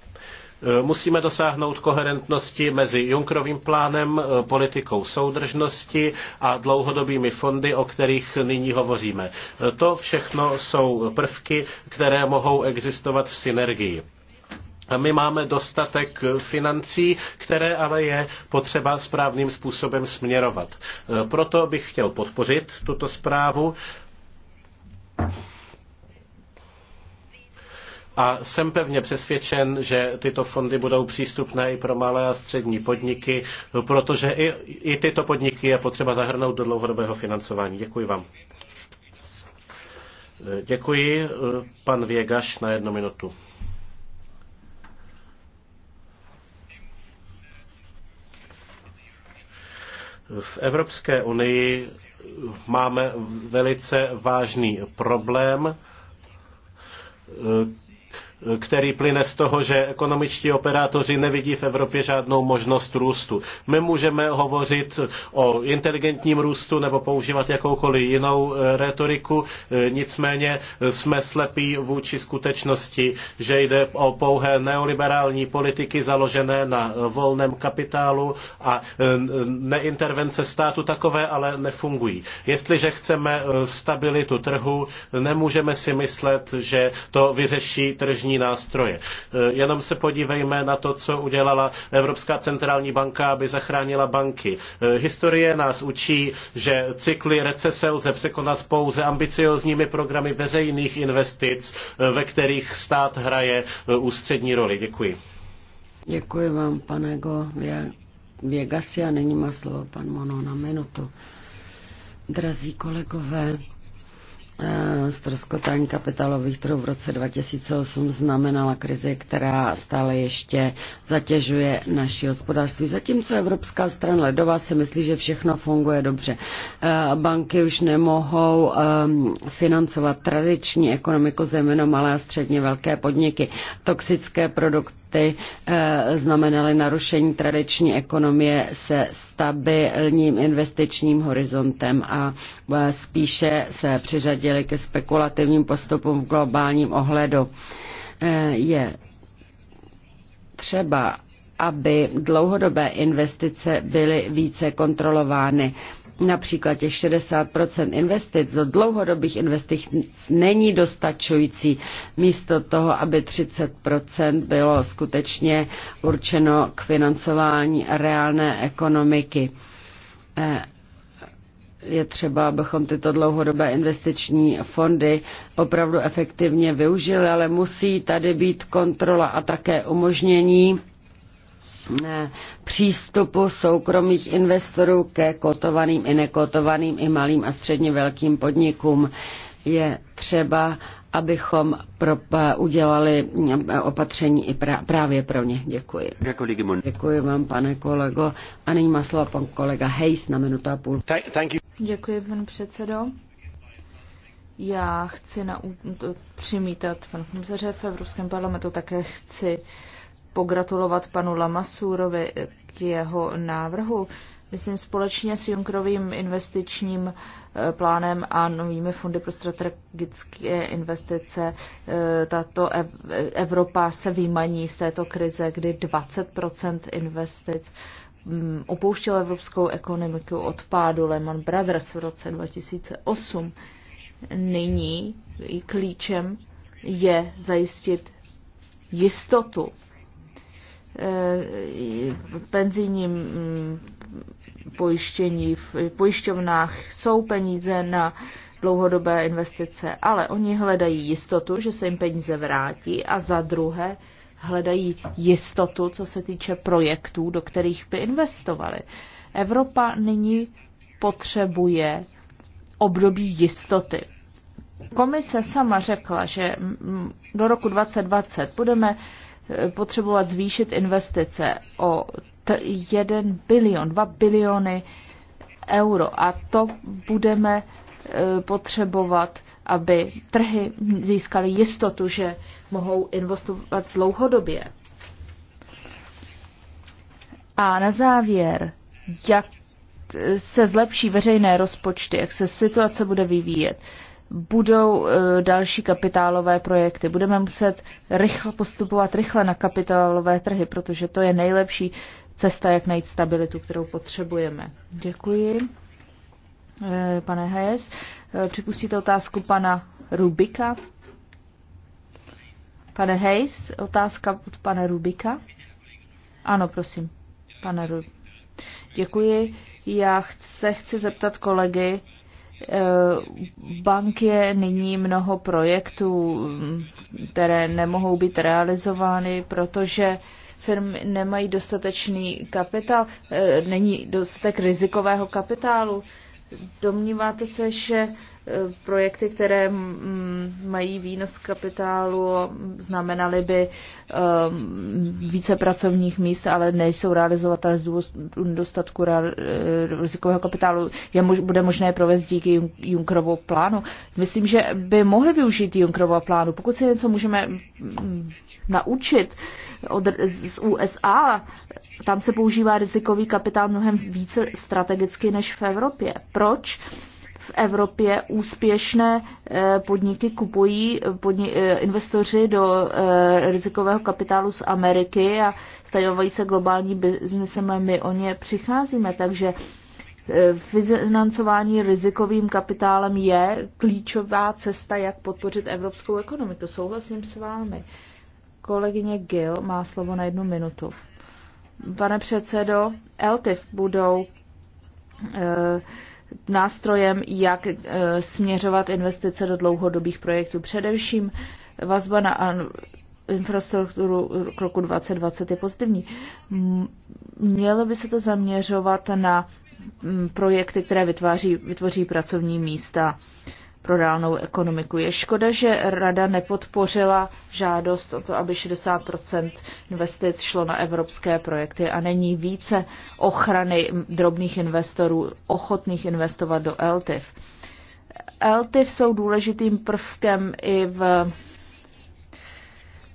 Eh, musíme dosáhnout koherentnosti mezi Junkrovým plánem, politikou soudržnosti a dlouhodobými fondy, o kterých nyní hovoříme. To všechno jsou prvky, které mohou existovat v synergii my máme dostatek financí, které ale je potřeba správným způsobem směrovat. E, proto bych chtěl podpořit tuto zprávu. A jsem pevně přesvědčen, že tyto fondy budou přístupné i pro malé a střední podniky, protože i, i tyto podniky je potřeba zahrnout do dlouhodobého financování. Děkuji vám. E, děkuji. E, pan Věgaš na jednu minutu. V Evropské unii máme velice vážný problém, který plyne z toho, že ekonomičtí operátoři nevidí v Evropě žádnou možnost růstu. My můžeme hovořit o inteligentním růstu nebo používat jakoukoliv jinou eh, retoriku, eh, nicméně jsme slepí vůči skutečnosti, že jde o pouhé neoliberální politiky založené na eh, volném kapitálu a neintervence státu takové ale nefungují. Jestliže chceme stabilitu trhu, nemůžeme si myslet, že to vyřeší tržní finanční nástroje. Eh, jenom se podívejme na to, co udělala Evropská centrální banka, aby zachránila banky. Eh, historie nás učí, že cykly recese lze překonat pouze ambiciozními programy veřejných investic, eh, ve kterých stát hraje ústřední roli. Děkuji.
Děkuji vám, pane Go. Věgasia, není má slovo pan Mono na minutu. Drazí kolegové, Stroskotání eh, kapitálových trhů v roce 2008 znamenala krizi, která stále ještě zatěžuje naši hospodářství. Zatímco Evropská strana ledová si myslí, že všechno funguje dobře. Eh, banky už nemohou eh, financovat tradiční ekonomiku, zejména malé a středně velké podniky. Toxické produkty lety eh, znamenaly narušení tradiční ekonomie se stabilním investičním horizontem a eh, spíše se přiřadily ke spekulativním postupům v globálním ohledu. Eh, je třeba aby dlouhodobé investice byly více kontrolovány. Například těch 60% investic do dlouhodobých investic není dostačující. Místo toho, aby 30% bylo skutečně určeno k financování reálné ekonomiky eh, je třeba, abychom tyto dlouhodobé investiční fondy opravdu efektivně využili, ale musí tady být kontrola a také umožnění Eh, přístupu soukromých investorů ke kotovaným i nekotovaným i malým a středně velkým podnikům. Je třeba, abychom pro, eh, udělali eh, opatření i pra, právě pro ně. Děkuji. Děkuji vám, pane kolego. A nyní má slovo pan kolega Hejs na minutu a půl.
Děkuji, pane předsedo. Já chci na, přimítat pan komisaře v Evropském parlamentu, také chci pogratulovat panu Lamasurovi k jeho návrhu. Myslím, společně s Junkrovým investičním eh, plánem a novými fondy pro strategické investice eh, tato Evropa se vymaní z této krize, kdy 20 investic mm, opouštěl evropskou ekonomiku od pádu Lehman Brothers v roce 2008. Nyní klíčem je zajistit jistotu Eh, penzijním mm, pojištění, v pojišťovnách jsou peníze na dlouhodobé investice, ale oni hledají jistotu, že se jim peníze vrátí a za druhé hledají jistotu, co se týče projektů, do kterých by investovali. Evropa nyní potřebuje období jistoty. Komise sama řekla, že do roku 2020 budeme potřebovat zvýšit investice o 1 bilion, 2 biliony euro a to budeme e, potřebovat, aby trhy získaly jistotu, že mohou investovat dlouhodobě. A na závěr, jak se zlepší veřejné rozpočty, jak se situace bude vyvíjet budou eh, další kapitálové projekty. Budeme muset rychle postupovat rychle na kapitálové trhy, protože to je nejlepší cesta, jak najít stabilitu, kterou potřebujeme. Děkuji, eh, pane Hayes. Eh, připustíte otázku pana Rubika? Pane Hayes, otázka od pana Rubika? Ano, prosím, pane Rubika. Děkuji. Já se chci zeptat kolegy, Eh, bank je nyní mnoho projektů, mm, které nemohou být realizovány, protože firmy nemají dostatečný kapitál, eh, není dostatek rizikového kapitálu. Domníváte se, že projekty, které mm, mají výnos kapitálu, znamenaly by ehm, více pracovních míst, ale nejsou realizovatelné z důvodu dostatku eh, rizikového kapitálu. Je, bude možné provést díky Junkrovou plánu. Myslím, že by mohli využít Junkrova plánu. Pokud si něco můžeme mm, naučit od, z USA, tam se používá rizikový kapitál mnohem více strategicky než v Evropě. Proč? v Evropě úspěšné eh, podniky kupují eh, podni- eh, investoři do rizikového kapitálu z Ameriky a stajovají se globální biznesem a my o ně přicházíme. Takže financování rizikovým kapitálem je klíčová cesta, jak podpořit evropskou ekonomiku. Souhlasím s vámi. Kolegyně Gil má slovo na jednu minutu. Pane předsedo, LTIF budou uh, nástrojem, jak eh, směřovat investice do dlouhodobých projektů. Především vazba na infrastrukturu k roku 2020 je pozitivní. Mělo by se to zaměřovat na projekty, které vytváří, vytvoří pracovní místa. Uh, pro reálnou ekonomiku. Je škoda, že Rada nepodpořila žádost o to, aby 60 investic šlo na evropské projekty a není více ochrany drobných investorů, ochotných investovat do LTIF. LTIF jsou důležitým prvkem i v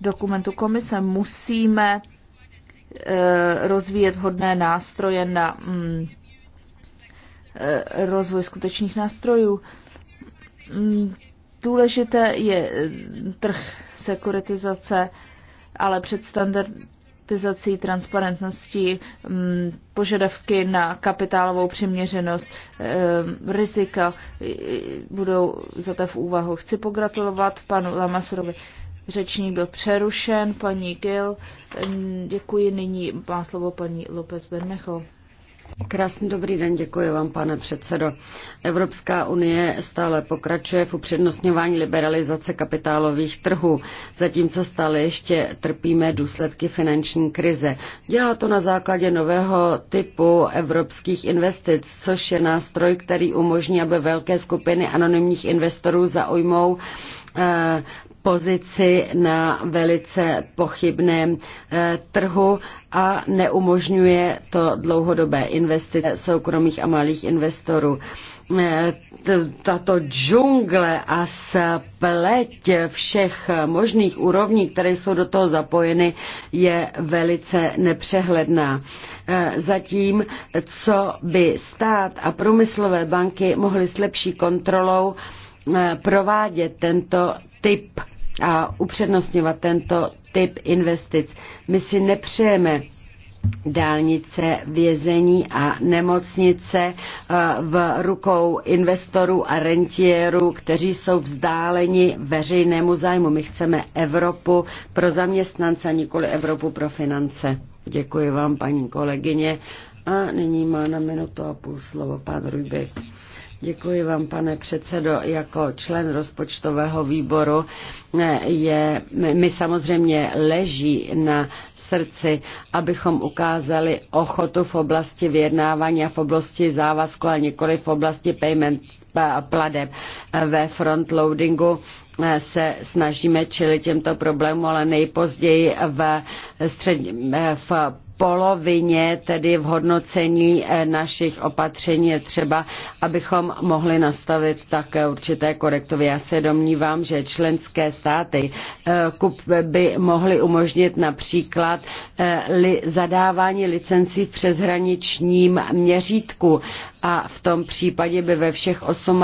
dokumentu komise. Musíme eh, rozvíjet hodné nástroje na mm, eh, rozvoj skutečných nástrojů. Mm, důležité je eh, trh sekuritizace, ale před standardizací transparentností mm, požadavky na kapitálovou přiměřenost eh, rizika budou to v úvahu. Chci pogratulovat panu Lamasurovi. Řečník byl přerušen, paní Gil. Děkuji, nyní má slovo paní López Bernecho.
Krásný dobrý den, děkuji vám, pane předsedo. Evropská unie stále pokračuje v upřednostňování liberalizace kapitálových trhů, zatímco stále ještě trpíme důsledky finanční krize. Dělá to na základě nového typu evropských investic, což je nástroj, který umožní, aby velké skupiny anonymních investorů zaujmou eh, pozici na velice pochybném eh, trhu a neumožňuje to dlouhodobé investice soukromých a malých investorů eh, tato džungle a spleť všech možných úrovní, které jsou do toho zapojeny, je velice nepřehledná. Eh, zatím, co by stát a průmyslové banky mohly s lepší kontrolou provádět tento typ a upřednostňovat tento typ investic. My si nepřejeme dálnice, vězení a nemocnice eh, v rukou investorů a rentierů, kteří jsou vzdáleni veřejnému zájmu. My chceme Evropu pro zaměstnance, nikoli Evropu pro finance. Děkuji vám, paní kolegyně. A nyní má na minutu a půl slovo pan Rubik. Děkuji vám, pane předsedo. Jako člen rozpočtového výboru eh, je, mi samozřejmě leží na srdci, abychom ukázali ochotu v oblasti vyjednávání a v oblasti závazku a nikoli v oblasti payment pladeb eh, ve frontloadingu eh, se snažíme čili těmto problémům, ale nejpozději v, střed, v polovině, tedy v hodnocení eh, našich opatření je třeba, abychom mohli nastavit také určité korektovy. Já se domnívám, že členské státy eh, by mohly umožnit například eh, zadávání licencí v přeshraničním měřítku a v tom případě by ve všech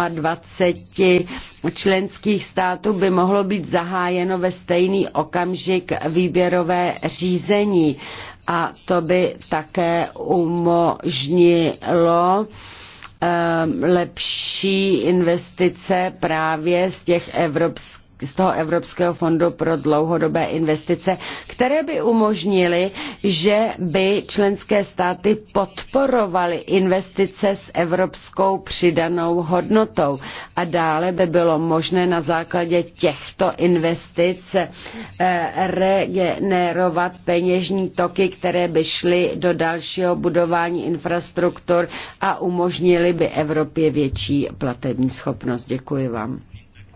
28 členských států by mohlo být zahájeno ve stejný okamžik výběrové řízení a to by také umožnilo eh, lepší investice právě z těch evropských z toho Evropského fondu pro dlouhodobé investice, které by umožnily, že by členské státy podporovaly investice s evropskou přidanou hodnotou. A dále by bylo možné na základě těchto investic eh, regenerovat peněžní toky, které by šly do dalšího budování infrastruktur a umožnily by Evropě větší platební schopnost. Děkuji vám.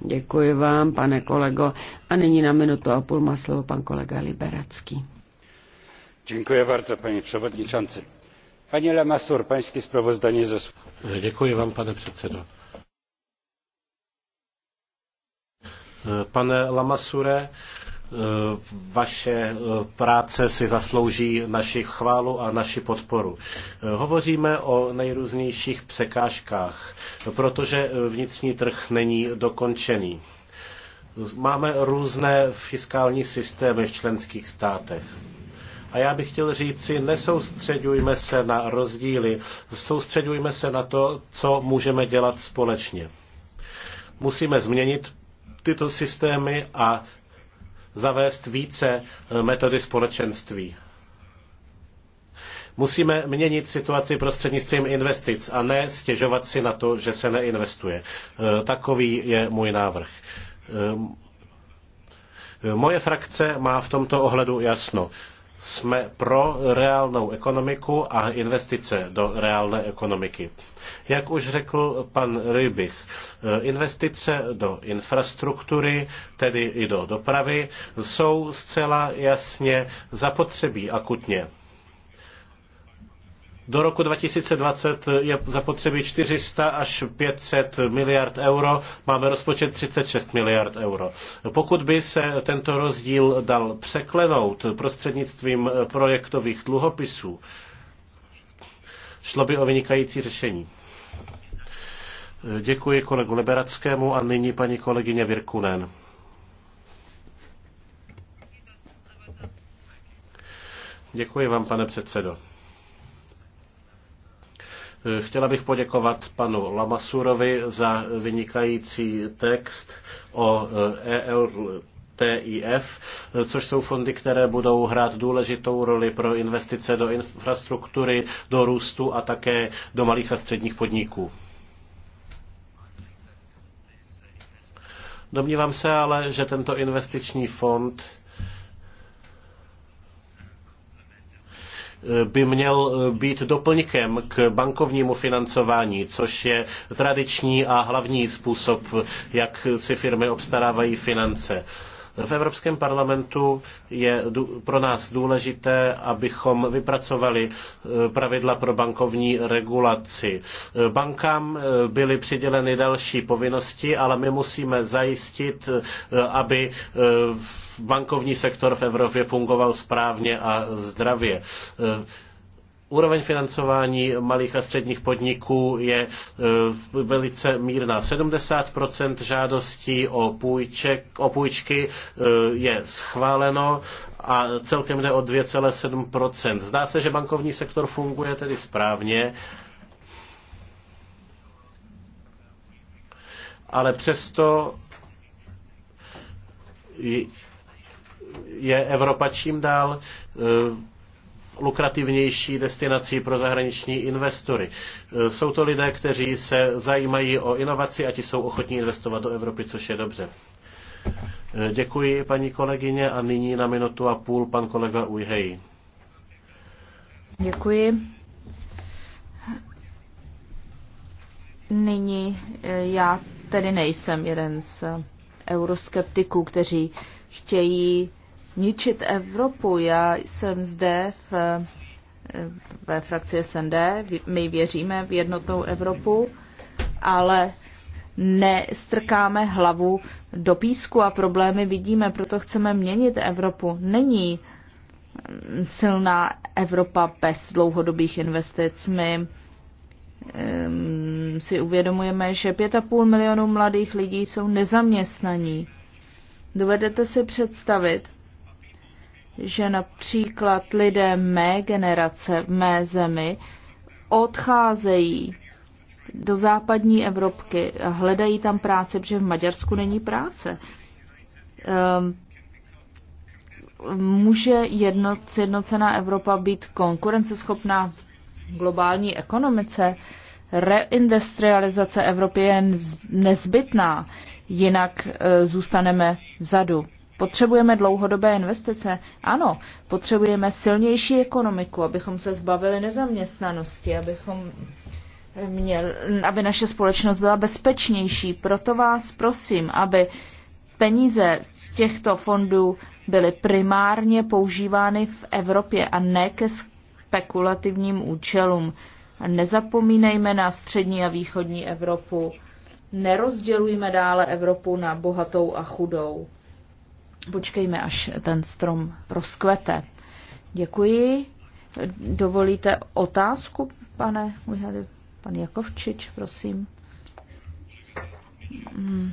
Děkuji vám, pane kolego. A nyní na minutu a půl má slovo pan kolega Liberacký.
Děkuji bardzo, paní předsedající. Pani Lemasur, pańskie sprawozdanie ze... Děkuji vám, pane předsedo. Pane Lamasure, Eh, vaše eh, práce si zaslouží naši chválu a naši podporu. Eh, hovoříme o nejrůznějších překážkách, protože vnitřní trh není dokončený. Máme různé fiskální systémy v členských státech. A já bych chtěl říci, nesoustředujme se na rozdíly, soustředujme se na to, co můžeme dělat společně. Musíme změnit tyto systémy a zavést více eh, metody společenství. Musíme měnit situaci prostřednictvím investic a ne stěžovat si na to, že se neinvestuje. Eh, takový je můj návrh. Eh, moje frakce má v tomto ohledu jasno jsme pro reálnou ekonomiku a investice do reálné ekonomiky. Jak už řekl pan Rybich, eh, investice do infrastruktury, tedy i do dopravy, jsou zcela jasně zapotřebí akutně. Do roku 2020 je zapotřebí 400 až 500 miliard euro, máme rozpočet 36 miliard euro. Pokud by se tento rozdíl dal překlenout prostřednictvím projektových dluhopisů, šlo by o vynikající řešení. Děkuji kolegu Liberackému a nyní paní kolegyně Virkunen. Děkuji vám, pane předsedo. Chtěla bych poděkovat panu Lamasurovi za vynikající text o EL eh, e TIF, což jsou fondy, které budou hrát důležitou roli pro investice do infrastruktury, do růstu a také do malých a středních podniků. Domnívám se ale, že tento investiční fond by měl eh, být doplňkem k bankovnímu financování, což je tradiční a hlavní způsob, jak si firmy obstarávají finance. V Evropském parlamentu je pro nás důležité, abychom vypracovali eh, pravidla pro bankovní regulaci. Eh, bankám eh, byly přiděleny další povinnosti, ale my musíme zajistit, aby bankovní sektor v Evropě fungoval správně a zdravě. Úroveň financování malých a středních podniků je e, velice mírná. 70% žádostí o, půjček, o půjčky e, je schváleno a celkem jde o 2,7%. Zdá se, že bankovní sektor funguje tedy správně. Ale přesto je Evropa čím dál e, lukrativnější destinací pro zahraniční investory. E, jsou to lidé, kteří se zajímají o inovaci a ti jsou ochotní investovat do Evropy, což je dobře. E, děkuji paní kolegyně a nyní na minutu a půl pan kolega Ujhej.
Děkuji. Nyní e, já tedy nejsem jeden z euroskeptiků, kteří chtějí ničit Evropu. Já jsem zde v, ve frakci SND, my věříme v jednotnou Evropu, ale nestrkáme hlavu do písku a problémy vidíme, proto chceme měnit Evropu. Není silná Evropa bez dlouhodobých investic. My si uvědomujeme, že 5,5 milionu mladých lidí jsou nezaměstnaní. Dovedete si představit, že například lidé mé generace v mé zemi odcházejí do západní Evropky a hledají tam práce, protože v Maďarsku není práce. Ehm, může jednoc, jednocená Evropa být konkurenceschopná v globální ekonomice? Reindustrializace Evropy je nezbytná, jinak e, zůstaneme vzadu. Potřebujeme dlouhodobé investice? Ano, potřebujeme silnější ekonomiku, abychom se zbavili nezaměstnanosti, abychom eh, měl, aby naše společnost byla bezpečnější. Proto vás prosím, aby peníze z těchto fondů byly primárně používány v Evropě a ne ke spekulativním účelům. A nezapomínejme na střední a východní Evropu. Nerozdělujme dále Evropu na bohatou a chudou. Počkejme, až ten strom rozkvete. Děkuji. Dovolíte otázku, pane Ujhady? Pan Jakovčič, prosím. Mm.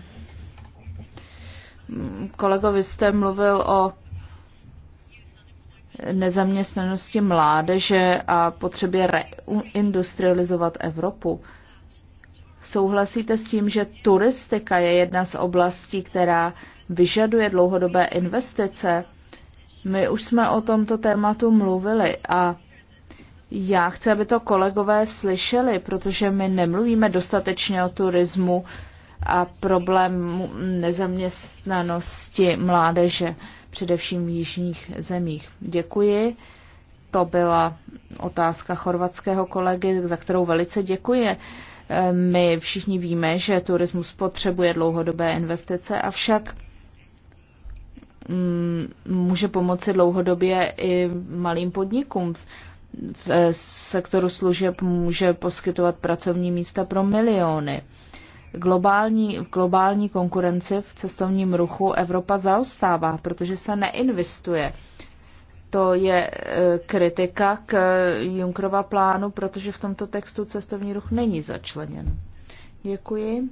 Kolego, vy jste mluvil o nezaměstnanosti mládeže a potřebě reindustrializovat Evropu. Souhlasíte s tím, že turistika je jedna z oblastí, která vyžaduje dlouhodobé investice? My už jsme o tomto tématu mluvili a já chci, aby to kolegové slyšeli, protože my nemluvíme dostatečně o turismu a problému nezaměstnanosti mládeže, především v jižních zemích. Děkuji. To byla otázka chorvatského kolegy, za kterou velice děkuji. My všichni víme, že turismus potřebuje dlouhodobé investice, avšak mm, může pomoci dlouhodobě i malým podnikům. V sektoru služeb může poskytovat pracovní místa pro miliony. Globální, v globální konkurenci v cestovním ruchu Evropa zaostává, protože se neinvestuje to je e, kritika k Junkrova plánu, protože v tomto textu cestovní ruch není začleněn. Děkuji.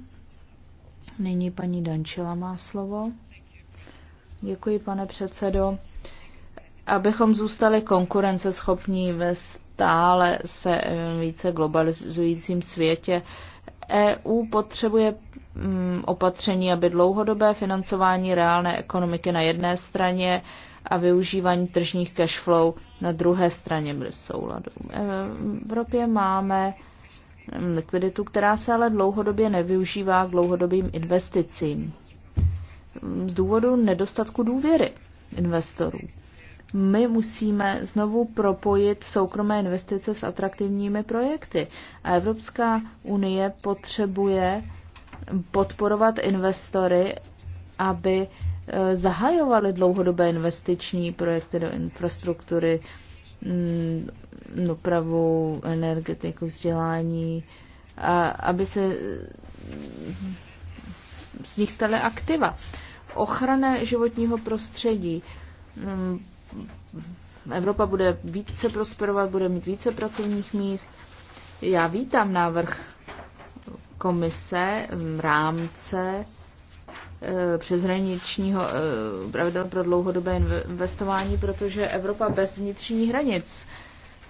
Nyní paní Dančila má slovo. Děkuji, pane předsedo. Abychom zůstali konkurenceschopní ve stále se e, více globalizujícím světě, EU potřebuje mm, opatření, aby dlouhodobé financování reálné ekonomiky na jedné straně a využívání tržních cashflow na druhé straně byly v souladu. V Evropě máme mm, likviditu, která se ale dlouhodobě nevyužívá k dlouhodobým investicím mm, z důvodu nedostatku důvěry investorů. My musíme znovu propojit soukromé investice s atraktivními projekty a Evropská unie potřebuje podporovat investory, aby Eh, zahajovaly dlouhodobé investiční projekty do infrastruktury, mm, dopravu, energetiku, vzdělání, a aby se eh, z nich staly aktiva. Ochrana životního prostředí. Mm, Evropa bude více prosperovat, bude mít více pracovních míst. Já vítám návrh komise, rámce Eh, přeshraničního eh, pravidel pro dlouhodobé investování, protože Evropa bez vnitřních hranic.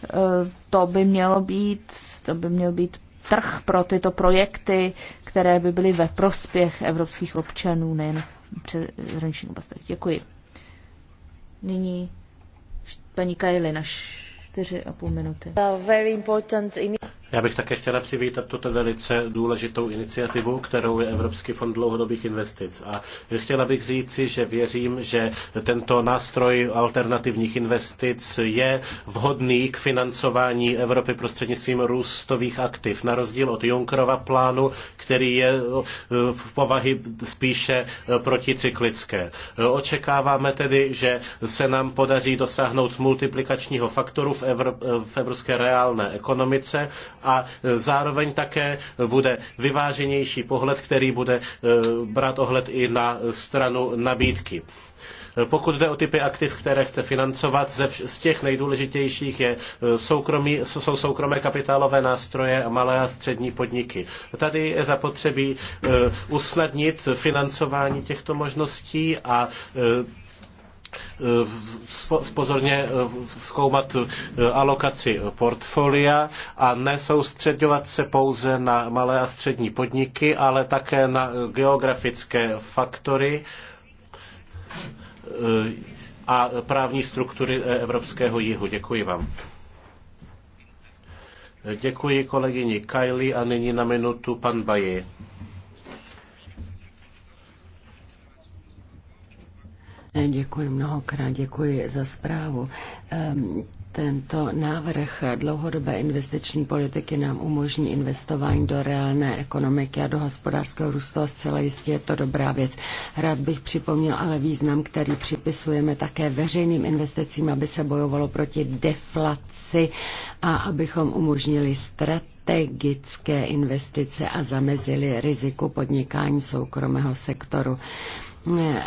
Eh, to by mělo být, to by měl být trh pro tyto projekty, které by byly ve prospěch evropských občanů, nejen přeshraničních oblastech. Děkuji. Nyní paní Kajli 4,5 minuty.
Já bych také chtěla přivítat tuto velice důležitou iniciativu, kterou je Evropský fond dlouhodobých investic. A chtěla bych říci, že věřím, že tento nástroj alternativních investic je vhodný k financování Evropy prostřednictvím růstových aktiv, na rozdíl od Junckerova plánu, který je eh, v povahy spíše eh, proticyklické. Eh, očekáváme tedy, že se nám podaří dosáhnout multiplikačního faktoru v, Evrop- v evropské reálné ekonomice a zároveň také bude vyváženější pohled, který bude eh, brát ohled i na stranu nabídky. Pokud jde o typy aktiv, které chce financovat, ze, z těch nejdůležitějších je eh, soukromí, jsou soukromé kapitálové nástroje a malé a střední podniky. Tady je zapotřebí eh, usnadnit financování těchto možností a Eh, pozorně eh, zkoumat eh, alokaci portfolia a nesoustředovat se pouze na malé a střední podniky, ale také na geografické faktory a právní struktury Evropského jihu. Děkuji vám. Děkuji kolegyni Kylie a nyní na minutu pan Baji.
Děkuji mnohokrát, děkuji za zprávu. Tento návrh dlouhodobé investiční politiky nám umožní investování do reálné ekonomiky a do hospodářského růstu a zcela jistě je to dobrá věc. Rád bych připomněl ale význam, který připisujeme také veřejným investicím, aby se bojovalo proti deflaci a abychom umožnili strat strategické investice a zamezili riziku podnikání soukromého sektoru.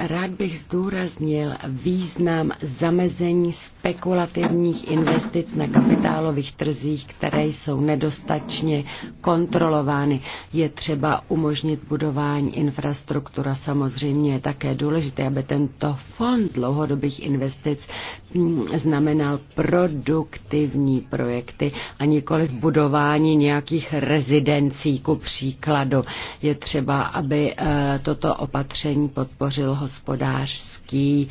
Rád bych zdůraznil význam zamezení spekulativních investic na kapitálových trzích, které jsou nedostatečně kontrolovány. Je třeba umožnit budování infrastruktura. Samozřejmě je také důležité, aby tento fond dlouhodobých investic mm, znamenal produktivní projekty a nikoli v budování nějakých rezidencí, ku příkladu. Je třeba, aby eh, toto opatření podporovalo podpořil hospodářský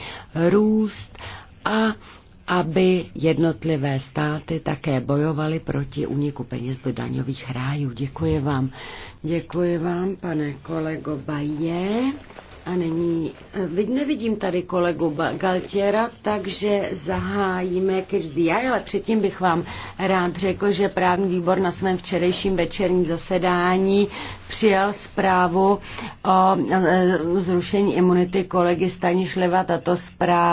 růst a aby jednotlivé státy také bojovaly proti úniku peněz do daňových rájů. Děkuji vám. Děkuji vám, pane kolego Baje. A nyní eh, nevidím tady kolegu Galtiera, takže zahájíme každý já, ale předtím bych vám rád řekl, že právní výbor na svém včerejším večerním zasedání přijal zprávu o eh, zrušení imunity kolegy Stanišleva. Tato zpráva